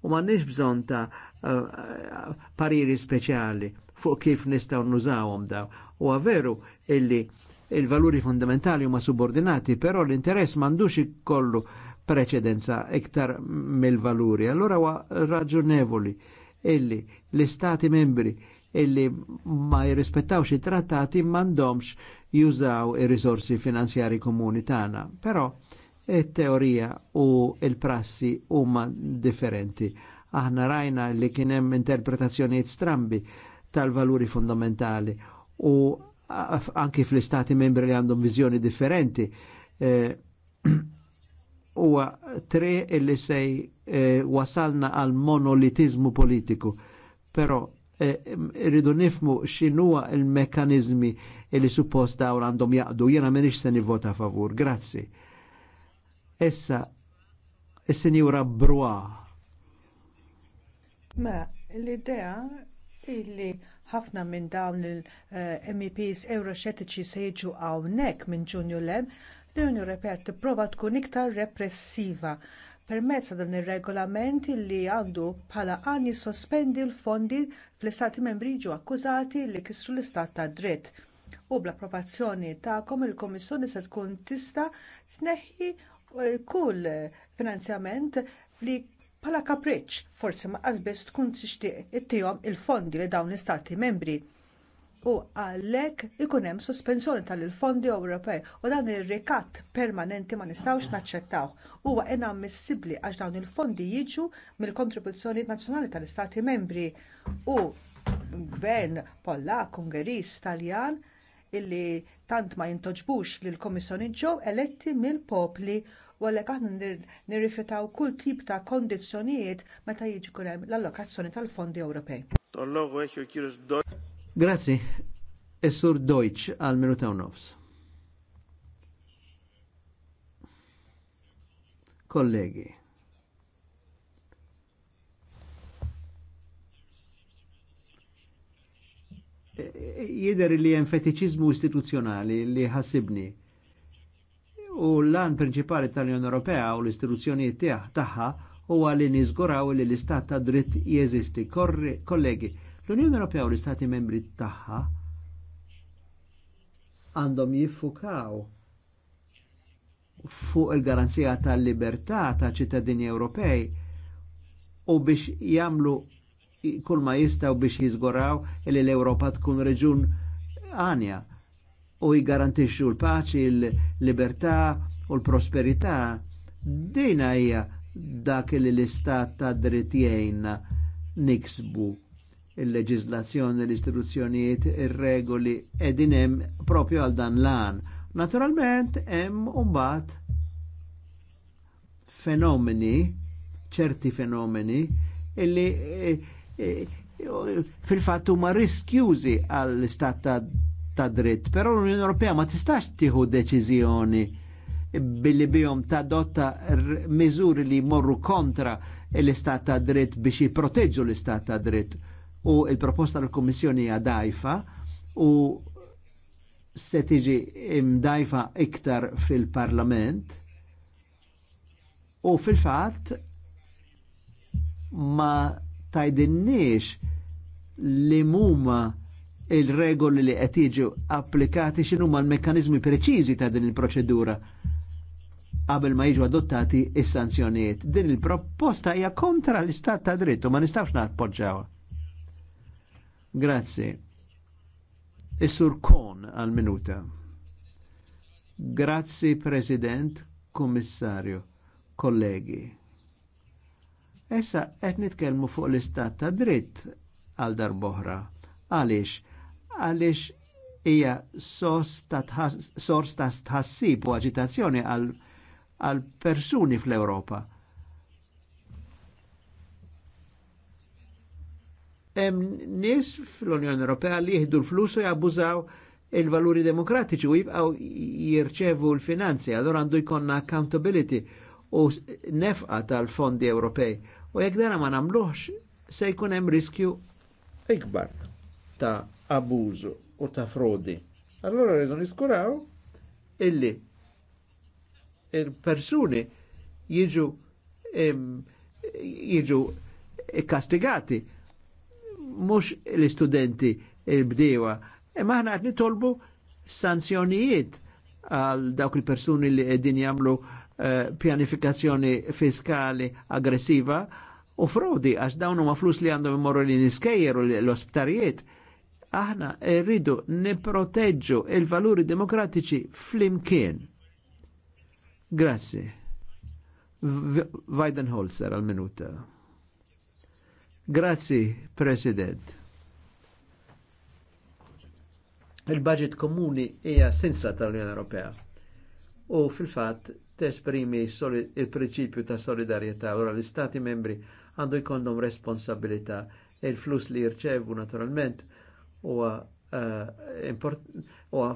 u nix bżonn ta' uh, pariri speċjali fuq kif nistgħu nużawhom daw. U għaveru illi il-valuri fundamentali huma subordinati, però l-interess m'għandux ikollu preċedenza iktar mill-valuri. Allora huwa raġunevoli illi l-istati membri illi ma jirrispettawx it-trattati m'għandhomx jużaw ir-risorsi finanzjari komuni tagħna. Però it-teorija u il-prassi huma differenti. Aħna rajna li kien hemm interpretazzjonijiet strambi tal-valuri fundamentali u anki fl-istati membri li għandhom vizjoni differenti. Eh, (clears throat) U tre illi sej eh, wasalna għal monolitizmu politiku, Pero eh, rridu nifmu x'inhuwa il mekanizmi illi suppost daw għandhom jaqdu. Jena m'inhiex se nivvota favur. Grazzi. Essa il-senjura Brua. Mela, Ma l-idea illi ħafna minn dawn il-MEPs euroxettiċi se jiġu hawnhekk minn ġunju lem, l-Unjoni Ewropea tipprova tkun iktar repressiva permezz ta' dan ir-regolament li għandu bħala għan jissospendi l-fondi fl-istati membri jiġu akkużati li kisru l-istat ta' dritt. U bl-approvazzjoni tagħkom il-Komissjoni se tkun tista' tneħħi eh, kull finanzjament li bħala kapriċċ, forsi ma biss tkun tixtieq ittihom il-fondi li dawn l-istati membri. U għalhekk ikun hemm sospensjoni tal-fondi Ewropej u dan ir rikat permanenti ma nistgħux naċċettaw. Huwa inammissibbli għax dawn il-fondi jiġu mill-kontribuzzjoni nazzjonali tal-istati membri u gvern Pollak, Ungeris, Taljan illi tant ma jintoġbux lill-Komissjoni ġew eletti mill-popli u għalhekk aħna nirrifjutaw kull tip ta' kondizzjonijiet meta jiġi kun hemm l-allokazzjoni tal-fondi Ewropej. Grazzi. Is-sur e Deutsch għal minuta u nofs. Kollegi. E, e, jider li jen fetiċizmu istituzjonali li ħassibni U l lan Principali tal-Unjoni Ewropea u l-istituzzjonijiet tagħha huwa li niżguraw li l-istat ta' dritt jeżisti. Kollegi, l-Unjoni Ewropea u l-istati membri tagħha għandhom jiffukaw fuq il-garanzija tal-libertà ta' ċittadini Ewropej u biex jagħmlu kull ma jistgħu biex jiżguraw li l-Ewropa tkun reġun għanja u jgarantixxu l-paċi, l-libertà u l-prosperità. Dina hija dak li l-istat ta' dritt jgħinna niksbu il-leġizlazzjoni, l-istituzzjonijiet, il regoli edin hemm propju għal dan lan. Naturalment hemm umbat fenomeni, ċerti fenomeni illi eh, eh, fil fattu ma riskjużi għall-istat ta' ta' dritt, però l-Unjoni Ewropea ma tistax tieħu deċiżjoni billi bihom dotta miżuri li jmorru kontra l-istat ta' dritt biex jipproteġġu l-istat ta' dritt. U il-proposta tal kommissjoni hija dajfa u se tiġi imdajfa iktar fil-Parlament u fil-fatt ma tajdinniex li muma il-regoli li qed jiġu applikati x'inhu l-mekkaniżmi preċiżi ta' din il-proċedura qabel ma jiġu adottati is-sanzjonijiet. Din il-proposta hija kontra l-istat ta' drittu ma nistax nappoġġawha. Grazzi. Is-sur Kon għal minuta. Grazzi President, Kommissarju, kollegi. Issa qed nitkellmu fuq l-istat ta' dritt għal darboħra. Għaliex? għalix hija sors ta' tħassib u aġitazzjoni għal persuni fl-Ewropa. Hemm nies fl-Unjoni Ewropea li jieħdu l-flus u jabbużaw il-valuri demokratiċi u jibqgħu jirċevu l-finanzi, allura għandu jkollna accountability u nefqa tal-fondi Ewropej. U jekk dana ma nagħmluhx se jkun hemm riskju ikbar ta' abużu u ta' frodi. Allora rridu niskuraw illi il-persuni jiġu jiġu kastigati mux l-istudenti il-bdewa imma ħna għat tolbu sanzjonijiet għal dawk il-persuni li għedin jamlu eh, pjanifikazzjoni fiskali aggressiva u frodi għax dawn huma flus li għandhom imorru li niskejjeru l-ospitarijiet Aħna rridu niproteġġu il-valuri demokratiċi flimkien. Grazzi. Vajden Holzer għal-minuta. Grazzi, President. Il-budget komuni hija sinsla tal-Unjoni Ewropea u fil-fatt tesprimi il-prinċipju ta' solidarjetà ora l-Istati membri għandu jkondhom responsabilità il-flus li jirċevu naturalment huwa uh,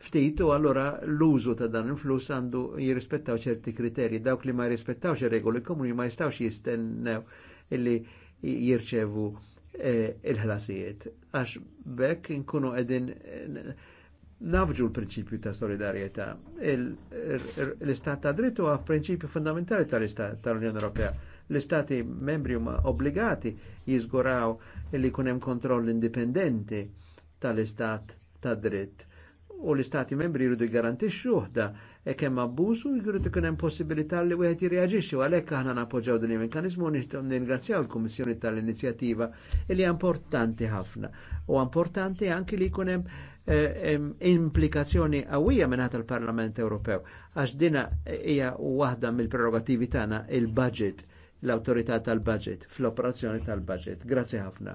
ftit u allora l-użu ta' dan il-flus għandu jirrispettaw ċerti kriterji. Dawk li ma jirrispettaw ir-regoli komuni ma jistawx jistennew illi jirċevu eh, il-ħlasijiet. Għax bekk nkunu qegħdin eh, nafġu l-prinċipju ta' solidarieta. L-istat ta' drittu għaf prinċipju fundamentali tal-istat tal-Unjoni Ewropea L-istati membri huma obbligati jiżguraw li jkun hemm kontroll indipendenti tal-istat tad dritt u l-istati membri jridu jgarantixxu uħda e kemm abbużu jridu ikun hemm possibilità li wieħed jirreaġixxi u għalhekk aħna nappoġġjaw din il-mekkaniżmu u ningrazzjaw il-Kummissjoni tal-inizjattiva li hija importanti ħafna u importanti anki li jkun hemm eh, implikazzjoni qawwija mingħajr tal-Parlament Ewropew għax dina hija waħda mill-prerogativi tagħna il-budget. il budget l-autorità tal-budget, fl-operazzjoni tal-budget. Grazzi ħafna.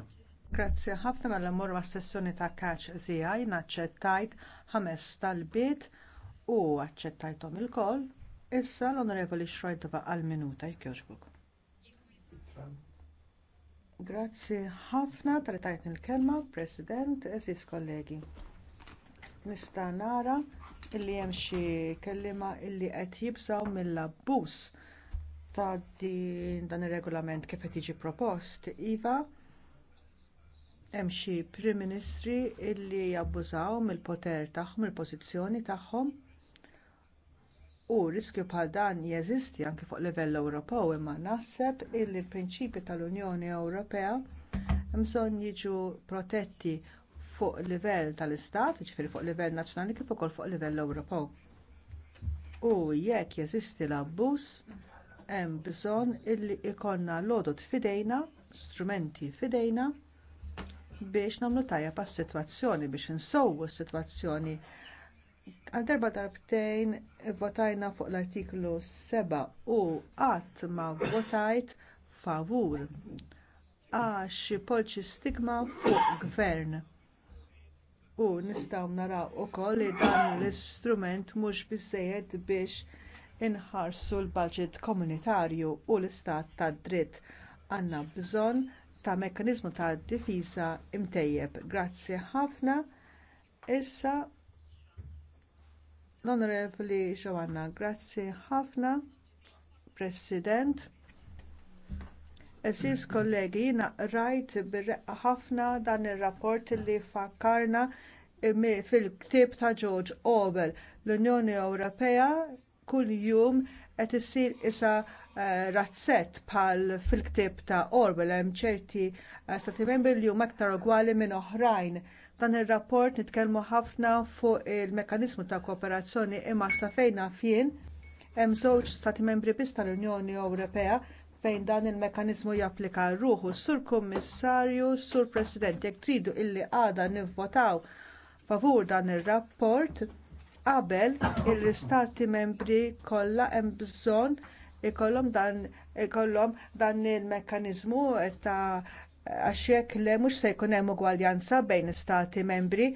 Grazzi ħafna mela mmorru ma' sessjoni ta' kaċ zijaj naċċettajt ħames tal-bit u il ilkoll. Issa l-Onorevoli Schrojdova għal-minuta jkjoġbuk. Grazzi ħafna tal tajtni l-kelma, President, eżis kollegi. Nista' nara illi hemm xi kelliema illi qed jibżgħu mill-abbuż ta' din dan ir-regolament kif qed jiġi propost iva hemm xi Prim Ministri li jabbużaw mill-poter tagħhom, il-pożizzjoni tagħhom u riskju bħal dan jeżisti anke fuq livell Ewropew imma naħseb illi l-prinċipji tal-Unjoni Ewropea bżonn jiġu protetti fuq livell tal-istat, ġifieri fuq livell nazzjonali kif ukoll fuq livell Ewropew. U jekk jeżisti l-abbuż, hemm bżonn illi jkollna lodot f'idejna, strumenti f'idejna biex nagħmlu tajja pas-sitwazzjoni biex insowwu s-sitwazzjoni. Għal darba darbtejn votajna fuq l-artiklu 7 u qatt ma votajt favur għax polċi stigma fuq gvern. U nistgħu naraw ukoll li dan l-istrument mhux biżżejjed biex inħarsu l-budget komunitarju u l-istat tad dritt. Għandna bżonn ta' mekkaniżmu tad difiża imtejjeb. Grazzi ħafna. Issa l-Onorevoli Ġoanna, grazzi ħafna, President. Esis kollegi, jiena rajt bir-reqqa ħafna dan ir-rapport li fakkarna eh, fil-ktib ta' George Orwell. L-Unjoni Ewropea Kull jum qed isir isa eh, razzett bħal fil-ktieb ta' Orwell hemm ċerti eh, stati membri li huma aktar ugwali minn oħrajn. Dan ir-rapport nitkellmu ħafna fuq il-mekkaniżmu ta' kooperazzjoni imma sa fejna fien hemm żewġ stati membri biss tal-Unjoni Ewropea fejn dan il-mekkaniżmu japplika ruħu sur kummissarju, sur president, jekk tridu illi għada nivvotaw favur dan ir-rapport qabel il-istati membri kollha hemm bżonn ikollhom dan ikollhom dan il-mekkaniżmu ta' għax jekk le mhux se jkun hemm ugwaljanza bejn istati membri,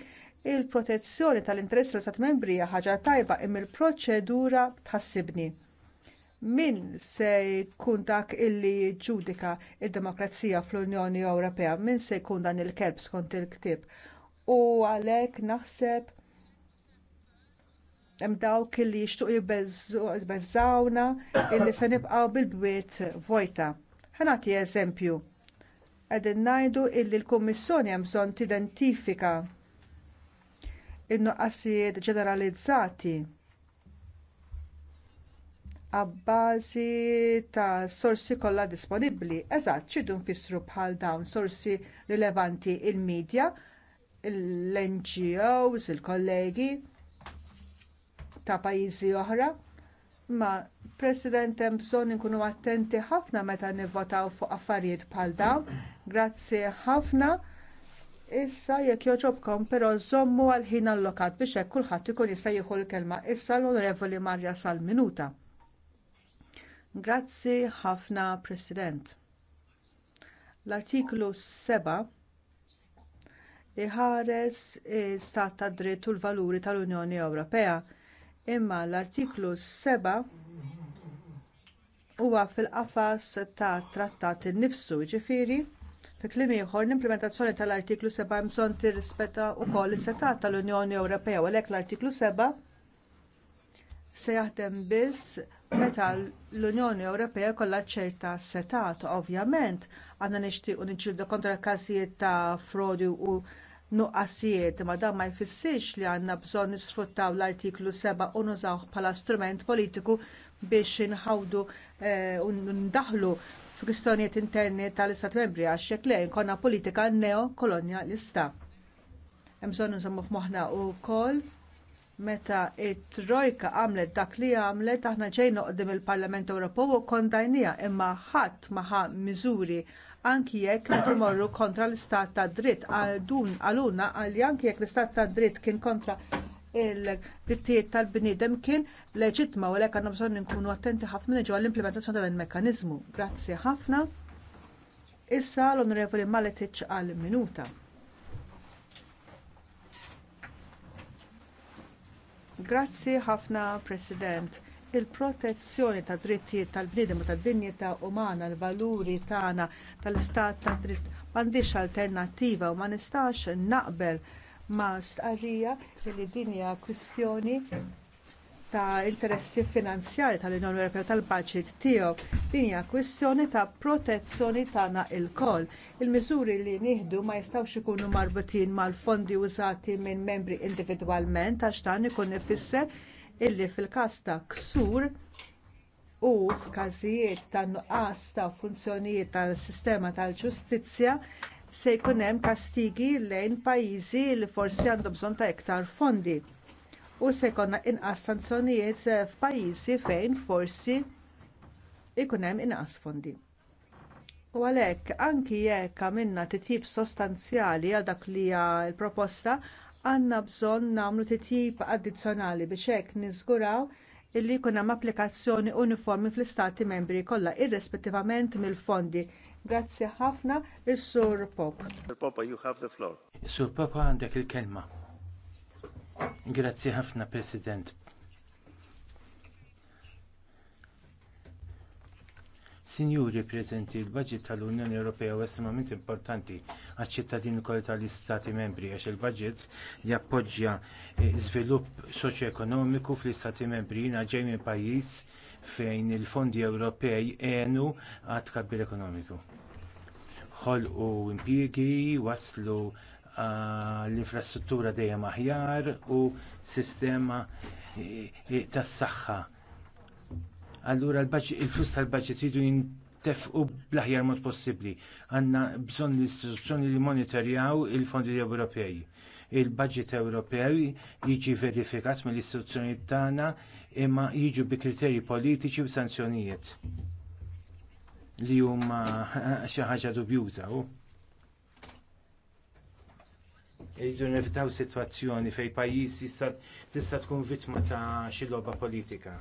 il-protezzjoni tal-interess tal-istati membri hija ħaġa tajba imma l proċedura tħassibni. Min se jkun dak illi jiġġudika d il demokrazija fl-Unjoni Ewropea? Min se jkun dan il-kelb skont il-ktib? U għalhekk naħseb hemm dawk li jixtuq jibbeżawna illi se nibqgħu bil-bwiet vojta. Ħanati eżempju. Qegħdin ngħidu illi l-Kummissjoni hemm bżonn tidentifika in-nuqqasijiet ġeneralizzati għabbażi ta' sorsi kollha disponibbli. Eżatt, xidu nfissru bħal dawn sorsi rilevanti il-medja, l-NGOs, il-kollegi, il medja l ngos il kollegi il l ngos il kollegi ta' pajjiżi oħra. Ma President hemm bżonn inkunu attenti ħafna meta nivvotaw fuq affarijiet bħal dawn. Grazzi ħafna. Issa jekk joġobkom però żommu għal ħin allokat biex hekk kulħadd ikun jista' jieħu l-kelma. Issa l-Onorevoli Marja Salminuta. Grazzi ħafna President. L-artiklu 7 iħares stat ta' dritt u l-valuri tal-Unjoni Ewropea imma l-artiklu 7 huwa fil-qafas ta' trattat innifsu ġifiri fi kliem ieħor l-implementazzjoni tal-artiklu 7 hemm bżonn tirrispetta wkoll is-setat tal-Unjoni Ewropea u għalhekk l-artiklu 7 se jaħdem biss meta l-Unjoni Ewropea kollha ċerta setat ovvjament għandna nixtiequ niġġieldu kontra każijiet ta' frodi u nuqqasijiet ma dan ma jfissirx li għandna bżonn nisfruttaw l-artiklu 7 u nużawh bħala strument politiku biex inħawdu eh, u ndaħlu f'kwistjonijiet interni tal-Istat Membri għax jekk le konna politika neokolonjalista. Hemm bżonn nżommu f'moħħna wkoll meta t trojka għamlet dak li għamlet aħna ġejna qdim il-Parlament Ewropew u kontajnija imma ħadd ma ħa miżuri anki jekk qed imorru kontra l-istat tad dritt għal għaluna għalli anki jekk l-istat tad dritt kien kontra il dittijiet tal-bniedem kien leġitma u għalhekk għandna bżonn nkunu attenti ħafna ġewwa għall implementazzjoni ta' dan il-mekkaniżmu. Grazzi ħafna. Issa l-Onorevoli Maletic għal minuta. Grazzi ħafna, President il-protezzjoni tad drittijiet tal-bniedem u tad-dinjità umana, l-valuri tagħna tal-istat ta' dritt m'għandix alternattiva u ma nistax naqbel ma' stqarrija li din hija kwistjoni ta' interessi finanzjarji tal-Unjoni Ewropea tal-Baġit tiegħu. Din hija kwistjoni ta' protezzjoni tagħna lkoll. Il-miżuri li nieħdu ma jistgħux ikunu marbutin mal-fondi użati minn membri individwalment għax dan ikun ifisser illi fil każ ta' ksur u f'każijiet ta' nuqqas ta' funzjonijiet tal-sistema tal-ġustizzja se jkun hemm kastigi lejn pajjiżi li forsi għandhom bżonn ta' iktar fondi u se jkollna inqas sanzjonijiet f'pajjiżi fejn forsi jkun hemm inqas fondi. U għalhekk anki jekk għamilna titjib sostanzjali għal dak li hija l-proposta, għandna bżonn nagħmlu titjib addizzjonali biex hekk niżguraw illi jkun hemm applikazzjoni uniformi fl-istati membri kollha irrispettivament mill-fondi. Grazzi ħafna is-Sur Pop. Sur Papa għandek il-kelma. Grazzi ħafna President. Sinjuri preżenti l-budget tal-Unjoni Ewropea u estremament importanti għaċ-ċittadini kollha tal-Istati membri għax il-budget jappoġġja eh, żvilupp soċjoekonomiku fl-Istati membri jiena ġej minn pajjiż fejn il-fondi Ewropej għenu għad tkabbir ekonomiku. Ħolqu impjiegi, waslu ah, l-infrastruttura dejjem aħjar u sistema eh, eh, tas-saħħa allura il-flus tal-budget jridu jintefqu bl-aħjar mod possibbli. Għandna bżonn l-istituzzjoni li monitorjaw il-fondi Ewropej. Il-budget Ewropej jiġi verifikat mill-istituzzjoni tagħna imma jiġu bi kriterji politiċi u sanzjonijiet li huma (laughs) xi ħaġa dubjuża. Iridu nevitaw sitwazzjoni fejn pajjiż tista' tkun vittma ta' xi logħba politika.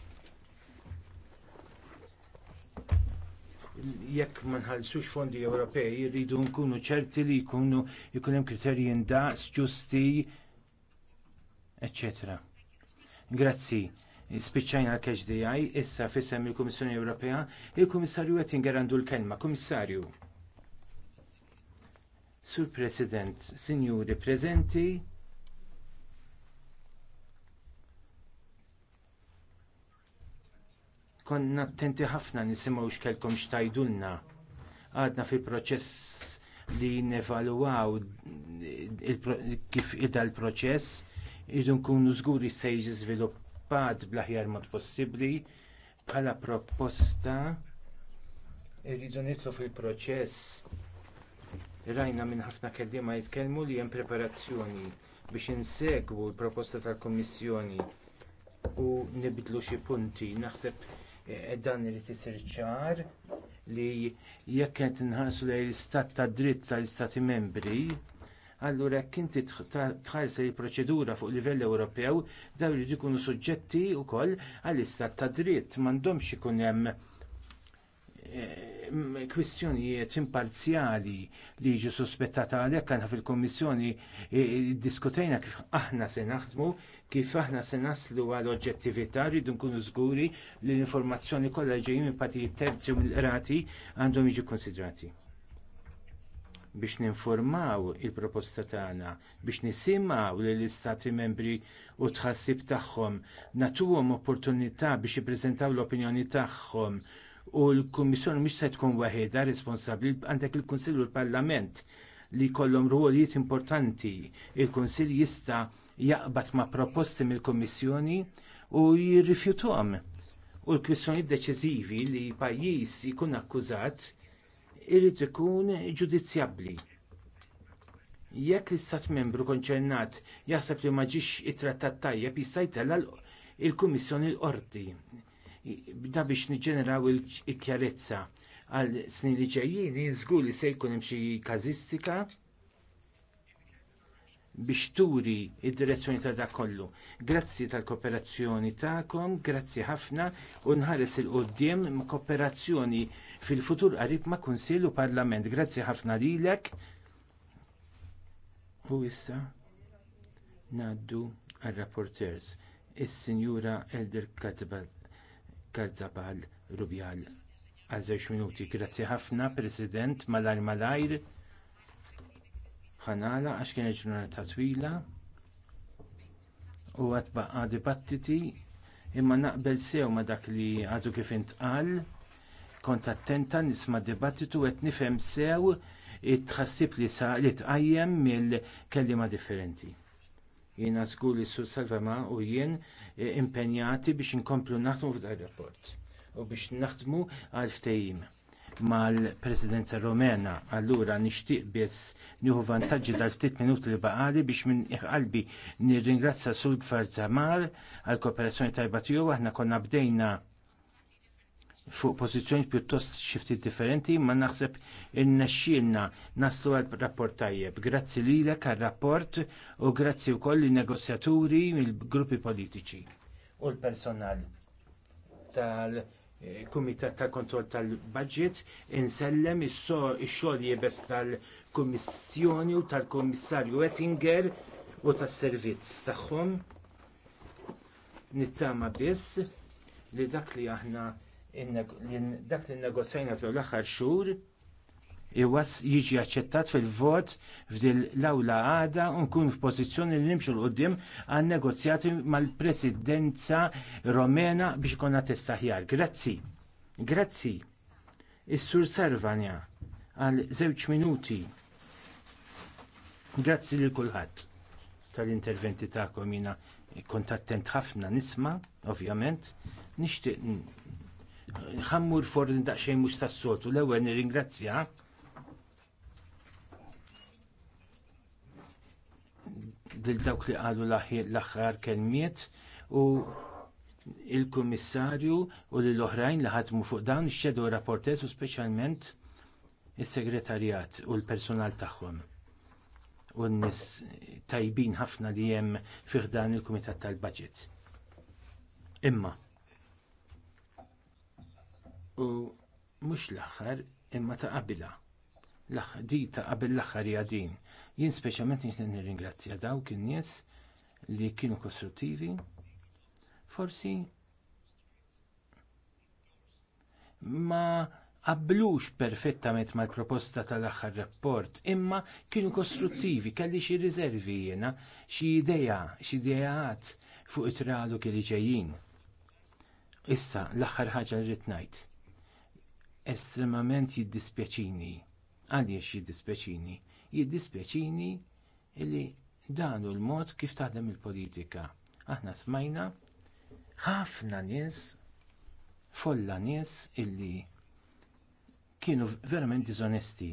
jekk ma nħallsux fondi Ewropej jridu nkunu ċerti li jkunu jkun hemm kriterji ndaqs ġusti eccetera. Grazzi. Spiċċajna l-kex DI, issa fissem il-Kummissjoni Ewropea, il-Kummissarju għet jingerandu l-kelma. Kummissarju. Sur President, Sinjuri Presenti, Konna attenti ħafna nisimgħu x'kelkom xtajdulna. Għadna fil-proċess li nevaluaw kif ida l-proċess idu nkunu li se jiġi żviluppat bl-aħjar mod possibbli bħala proposta irridu nitlu fil-proċess rajna minn ħafna kelliema jitkellmu li hemm preparazzjoni biex insegwu l-proposta tal-Kummissjoni u nibdlu xi punti. Naħseb dan irid isir ċar li jekk qed inħarsu lejn l-istat ta' dritt tal-istati membri, allura jekk inti tħarsa li proċedura fuq livell Ewropew dawn jridu jkunu suġġetti wkoll għall-istat ta' dritt m'għandhomx ikun hemm Eh, kwistjonijiet imparzjali li jiġu suspettata għalhekk għandna fil kummissjoni eh, diskutejna kif aħna se naħdmu, kif aħna se naslu għal oġġettività rridu nkunu żguri li l-informazzjoni kollha ġejjin minn partijiet terzi u mill-qrati għandhom jiġu konsidrati biex ninformaw il-proposta tagħna, biex nisimgħu lill istati membri u tħassib tagħhom, nagħtuhom opportunità biex jippreżentaw l-opinjoni tagħhom u l-Kummissjoni mhix se tkun waħedha responsabbli għandek il-Kunsill u l-Parlament li jkollhom ruolijiet importanti. Il-Kunsill jista' jaqbad ma' proposti mill-Kummissjoni u jirrifjutuhom. U l-kwistjonijiet deċiżivi li pajjiż jkun akkużat irid ikun ġudizzjabbli. Jekk l-istat membru konċernat jaħseb li ma ġiex it-trattat tajjeb jista' jtella il-Kummissjoni l-qorti da biex niġġeneraw il-ċjarezza għal snin li ġejjin, żgur li se jkun hemm xi każistika biex turi id-direzzjoni ta' dak kollu. Grazzi tal-kooperazzjoni tagħkom, grazzi ħafna u nħares il qudiem kooperazzjoni fil-futur qarib ma' Kunsill u Parlament. Grazzi ħafna lilek. U issa ngħaddu għar rapporters is-Sinjura Elder Katzbad Garzabal Rubjal. Għazzex minuti, grazzi ħafna, President, malajr malajr. Ħanala, għax kienet ġurnata twila. U għad baqa dibattiti, imma naqbel sew ma dak li għadu kif intqal. Kont attenta nisma dibattitu qed nifhem sew it-tħassib li sa li tqajjem mill-kelliema differenti. Jiena żgur li sur Salvama u jien e, impenjati biex inkomplu naħdmu f'dan rapport u biex naħdmu għal ftehim mal-Presidenza Rumena. Allura nixtieq biss nieħu vantaġġi tal-ftit minuti li baqali biex minn qalbi nirringrazzja Sul Gvard Zamar għall kooperazzjoni tajba tiegħu aħna konna bdejna fuq pożizzjonijiet pjuttost xi ftit differenti, ma naħseb innexxielna naslu għal rapport tajjeb. Grazzi lilek għar rapport u grazzi wkoll lin negozjaturi mill-gruppi politiċi u l-personal tal-Kumitat tal-Kontroll tal-Budget insellem ix-xogħol jebes tal-Kummissjoni u tal-Kummissarju Oettinger u tas-servizz tagħhom nittama biss li dak li aħna dak li negozjajna fl l-aħħar xhur iwas jiġi aċċettat fil-vot f'dil l-awla għada u nkun f'pożizzjoni li nimxu l-qoddim għan negozjati mal-presidenza romena biex konna testaħjar. Grazzi. Grazzi. Is-sur Sarvania għal żewġ minuti. Grazzi lil kulħadd tal-interventi ta' komina kontattent attent ħafna nisma' ovvjament, nixtieq ħammur forni daqxejn mhux tas-soltu l-ewwel nirringrazzja Dil dawk li qalu l-aħħar kelmiet u il-kummissarju u lill oħrajn li ħatmu fuq dan ix-xedu rapportez u speċjalment is-segretarjat u l-personal tagħhom u n-nies tajbin ħafna li hemm fih dan il-Kumitat tal budget Imma u mhux l-aħħar imma ta' qabila. Di ta' qabil l-aħħar hija din. Jien speċjalment nixtieq nirringrazzja dawk in-nies li kienu kostruttivi. Forsi ma qablux perfettament mal-proposta tal-aħħar rapport, imma kienu kostruttivi, kelli xi riservi jiena, xi idea, xi ideat fuq it tradu kelli ġejjin. Issa l-aħħar ħaġa rrid ngħid estremament jiddispjaċini. Għaliex jiddispjaċini? Jiddispjaċini li dan l-mod kif taħdem il-politika. Aħna smajna ħafna nies, folla nies illi kienu verament diżonesti.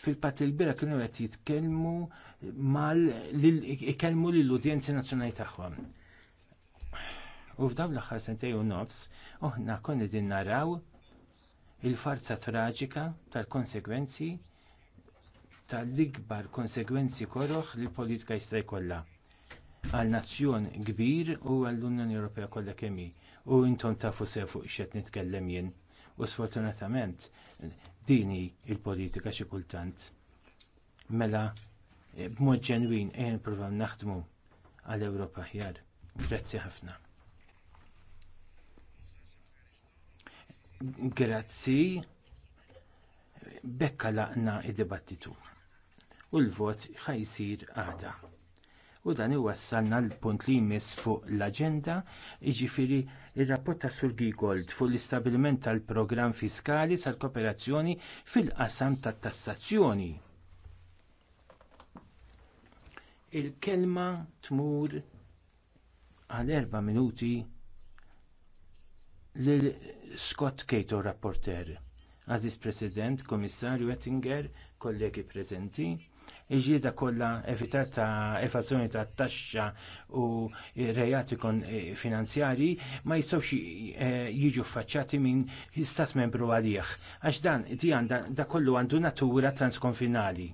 fil parti l bira kienu qed jitkellmu mal ikellmu lill-udjenzi nazzjonali tagħhom. U f'dawn l-aħħar sentej u nofs, uħna konni din naraw il-farza traġika tal-konsegwenzi tal-ikbar konsegwenzi koroħ li l-politika jista' jkollha għal nazzjon kbir u għall unjoni Ewropea kollha kemm hi. u intom tafu sew fuq x'qed nitkellem jien. U sfortunatament din hi l politika xi kultant. Mela eh, b'mod ġenwin qiegħed eh, nipprova naħdmu għall Ewropa aħjar. Grazzi ħafna. Grazzi. Bekka laqna id-dibattitu. U l-vot ħajsir għada. U dan iwassalna l-punt li jmiss fuq l-agenda, jiġifieri r rapport ta' Sur Gold fuq l-istabilment tal-programm fiskali sal-kooperazzjoni fil-qasam tat-tassazzjoni. Il-kelma tmur għal erba' minuti lil Scott Cato rapporter. Aziz President, Komissarju Ettinger, kollegi preżenti, iġieda kollha evitar ta' evażjoni ta' taxxa u rejati kon e, finanzjari ma jistgħux e, jiġu faċċati minn l-Istat membru għalih. Għax dan di da kollu għandu natura transkonfinali.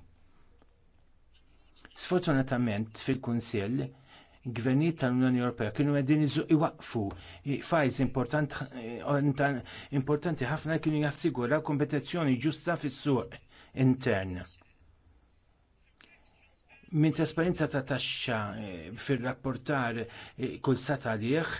Sfortunatament fil-Kunsill gvernijiet tal-Unjoni Ewropea kienu qegħdin iwaqfu fajz eh, importanti ħafna kienu jassigura kompetizzjoni ġusta fis-suq intern. Minn trasparenza ta' taxxa eh, fir-rapportar eh, kull sata għalih,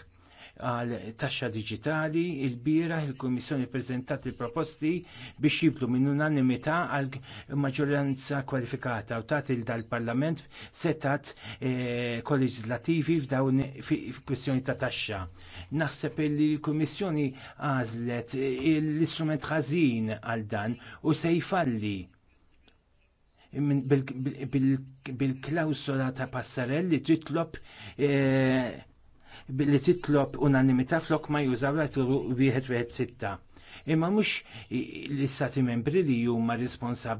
għal taxxa Digitali il-bira il-Kummissjoni prezentat il-proposti biex jiblu minn unanimità għal maġġoranza kwalifikata u tagħti il dal-Parlament setat eh, koleġislattivi f'dawn kwistjoni ta' taxxa. Naħseb li l-Kummissjoni għażlet eh, l-istrument ħażin għal dan u se jfalli bil-klausola ta' passarelli titlob eh, li titlob unanimità flok ma jużaw l-artiklu 1 sitta imma mhux l-istati membri li huma responsabbli